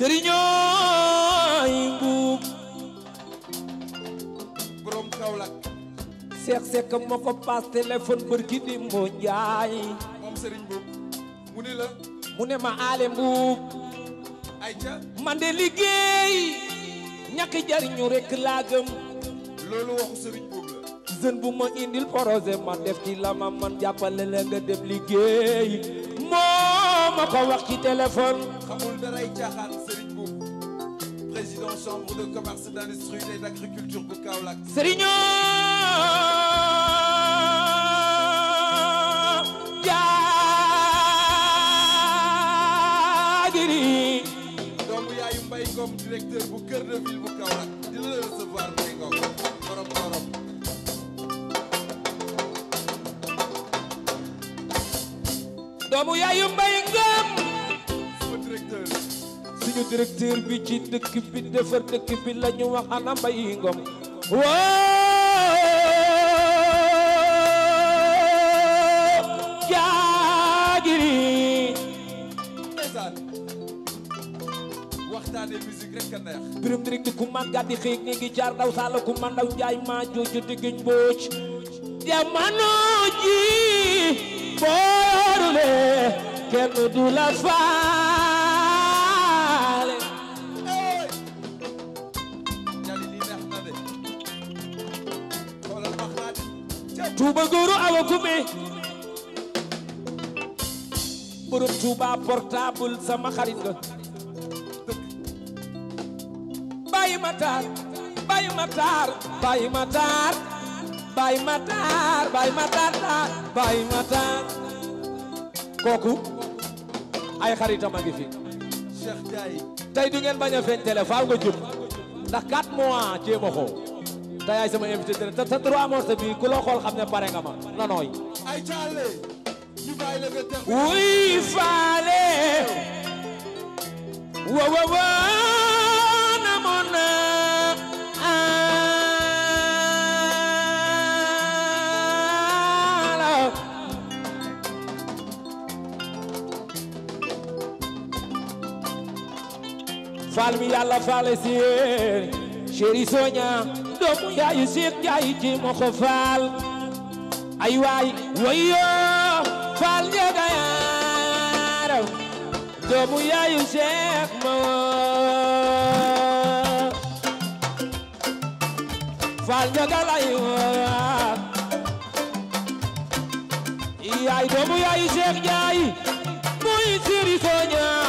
sëriñooy mbuub borom Kaolack seex sekk ma ko paas téléphone bërki di moo mu ne la mu ne ma aale mbuub ay ca man de liggéey ñàkk jariñu rekk laa gëm loolu waxu sëriñ mbuub la jeune bu ma indil projet man def ci la ma man jàppale la nga dem liggéey moo moo ma ko wax ci téléphone. xamul daray caaxaan Serigne bou président chambre de commerce d'industrie et d'agriculture agriculture bu Kaolack. Serigne Jaajiri. doomu yaayu Mbaye Ngom directeur bu Kër de ville bu Kaolack dina la recevoir Mbaye Ngom borom borom. doomu yaayu mbay ngam suñu directeur bi ci dëkk bi defar dëkk bi la ñu wax ana mbay ngom woo jaagiri waxtaane musique rek a neex birum direct ku man gàddi xeeg ni ngi daw sala ku man daw njaay ma jooju diggiñ mbooc boole kenn du la faale Tuuba góoru awa kume borom Tuuba portable sama xarit nga bàyyi ma taar bàyyi ma taar bàyyi ma taar Baay Matar Baay Matar kooku ay xaritam a ngi fi Cheikh Ndiaye bañ a feeñ télé nga jub ndax 4 mois jéem a xoo te yaay sama invité télé te sa 3 morceaux bi ku loo xool xam ne pare nga ma nanooy wuy faale wa wa wa faal mi yàlla faale si yéen chéri soña doomu yaayu siik yaayu ci moo ko ay waay wayoo faal njaga yaaram doomu yaayu siik moo faal njaga lay waa yaay doomu yaayu siik yaayu muy chéri soña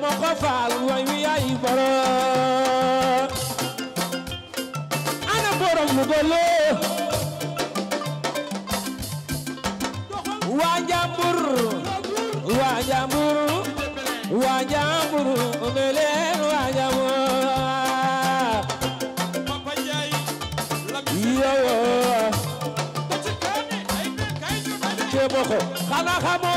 moo ko faal way wi ay borom ana borom mu dolo waa njàmbur waa njàmbur waa njàmbur meleen waa njàmbur yow ke boko xanaa xamoo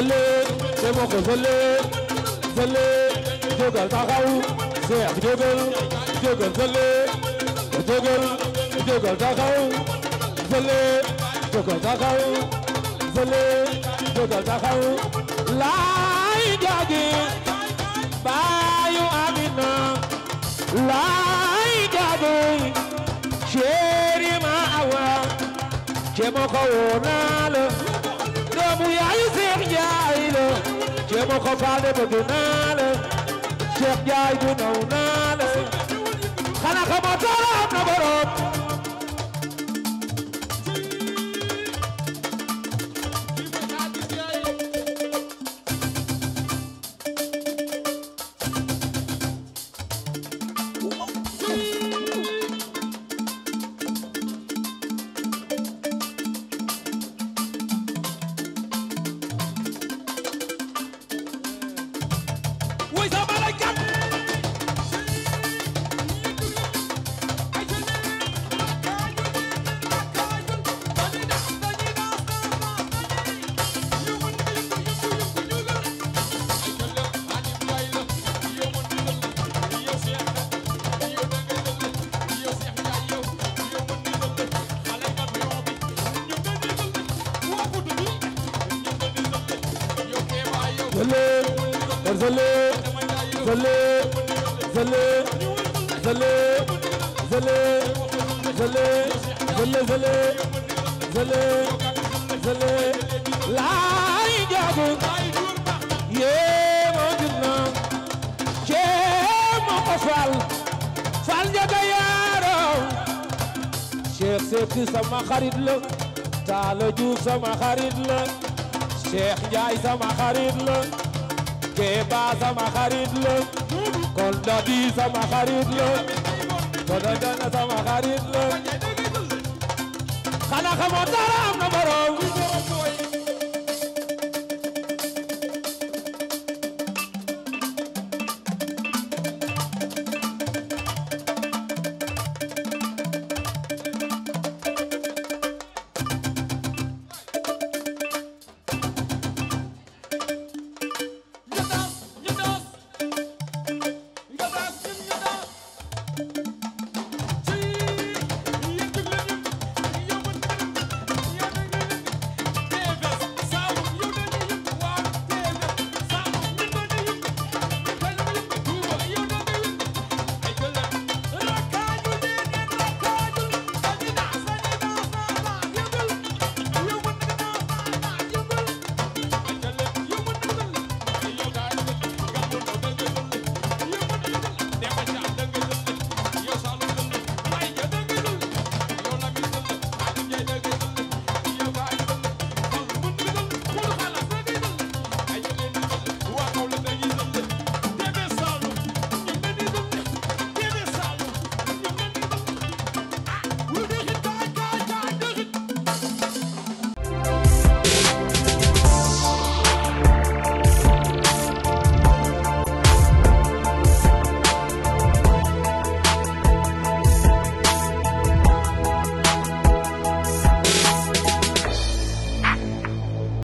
zele sai moko zele zele jogal ta kawu sai ak jogal jogal zele jogal jogal ta kawu zele jogal ta kawu zele jogal ta lai jage bayu amina lai jage sheri ma awa jemoko wonalo Domu ya yuzi jéema ko faale ba du naa la Cheikh xanaa xamoo toolam na borom Seck sama xarit la Talla Diouf sama xarit la Cheikh Ndiaye sama xarit la Keba sama xarit la Kondadi sama xarit la Kodadana sama xarit la xanaa xamoo dara am na borom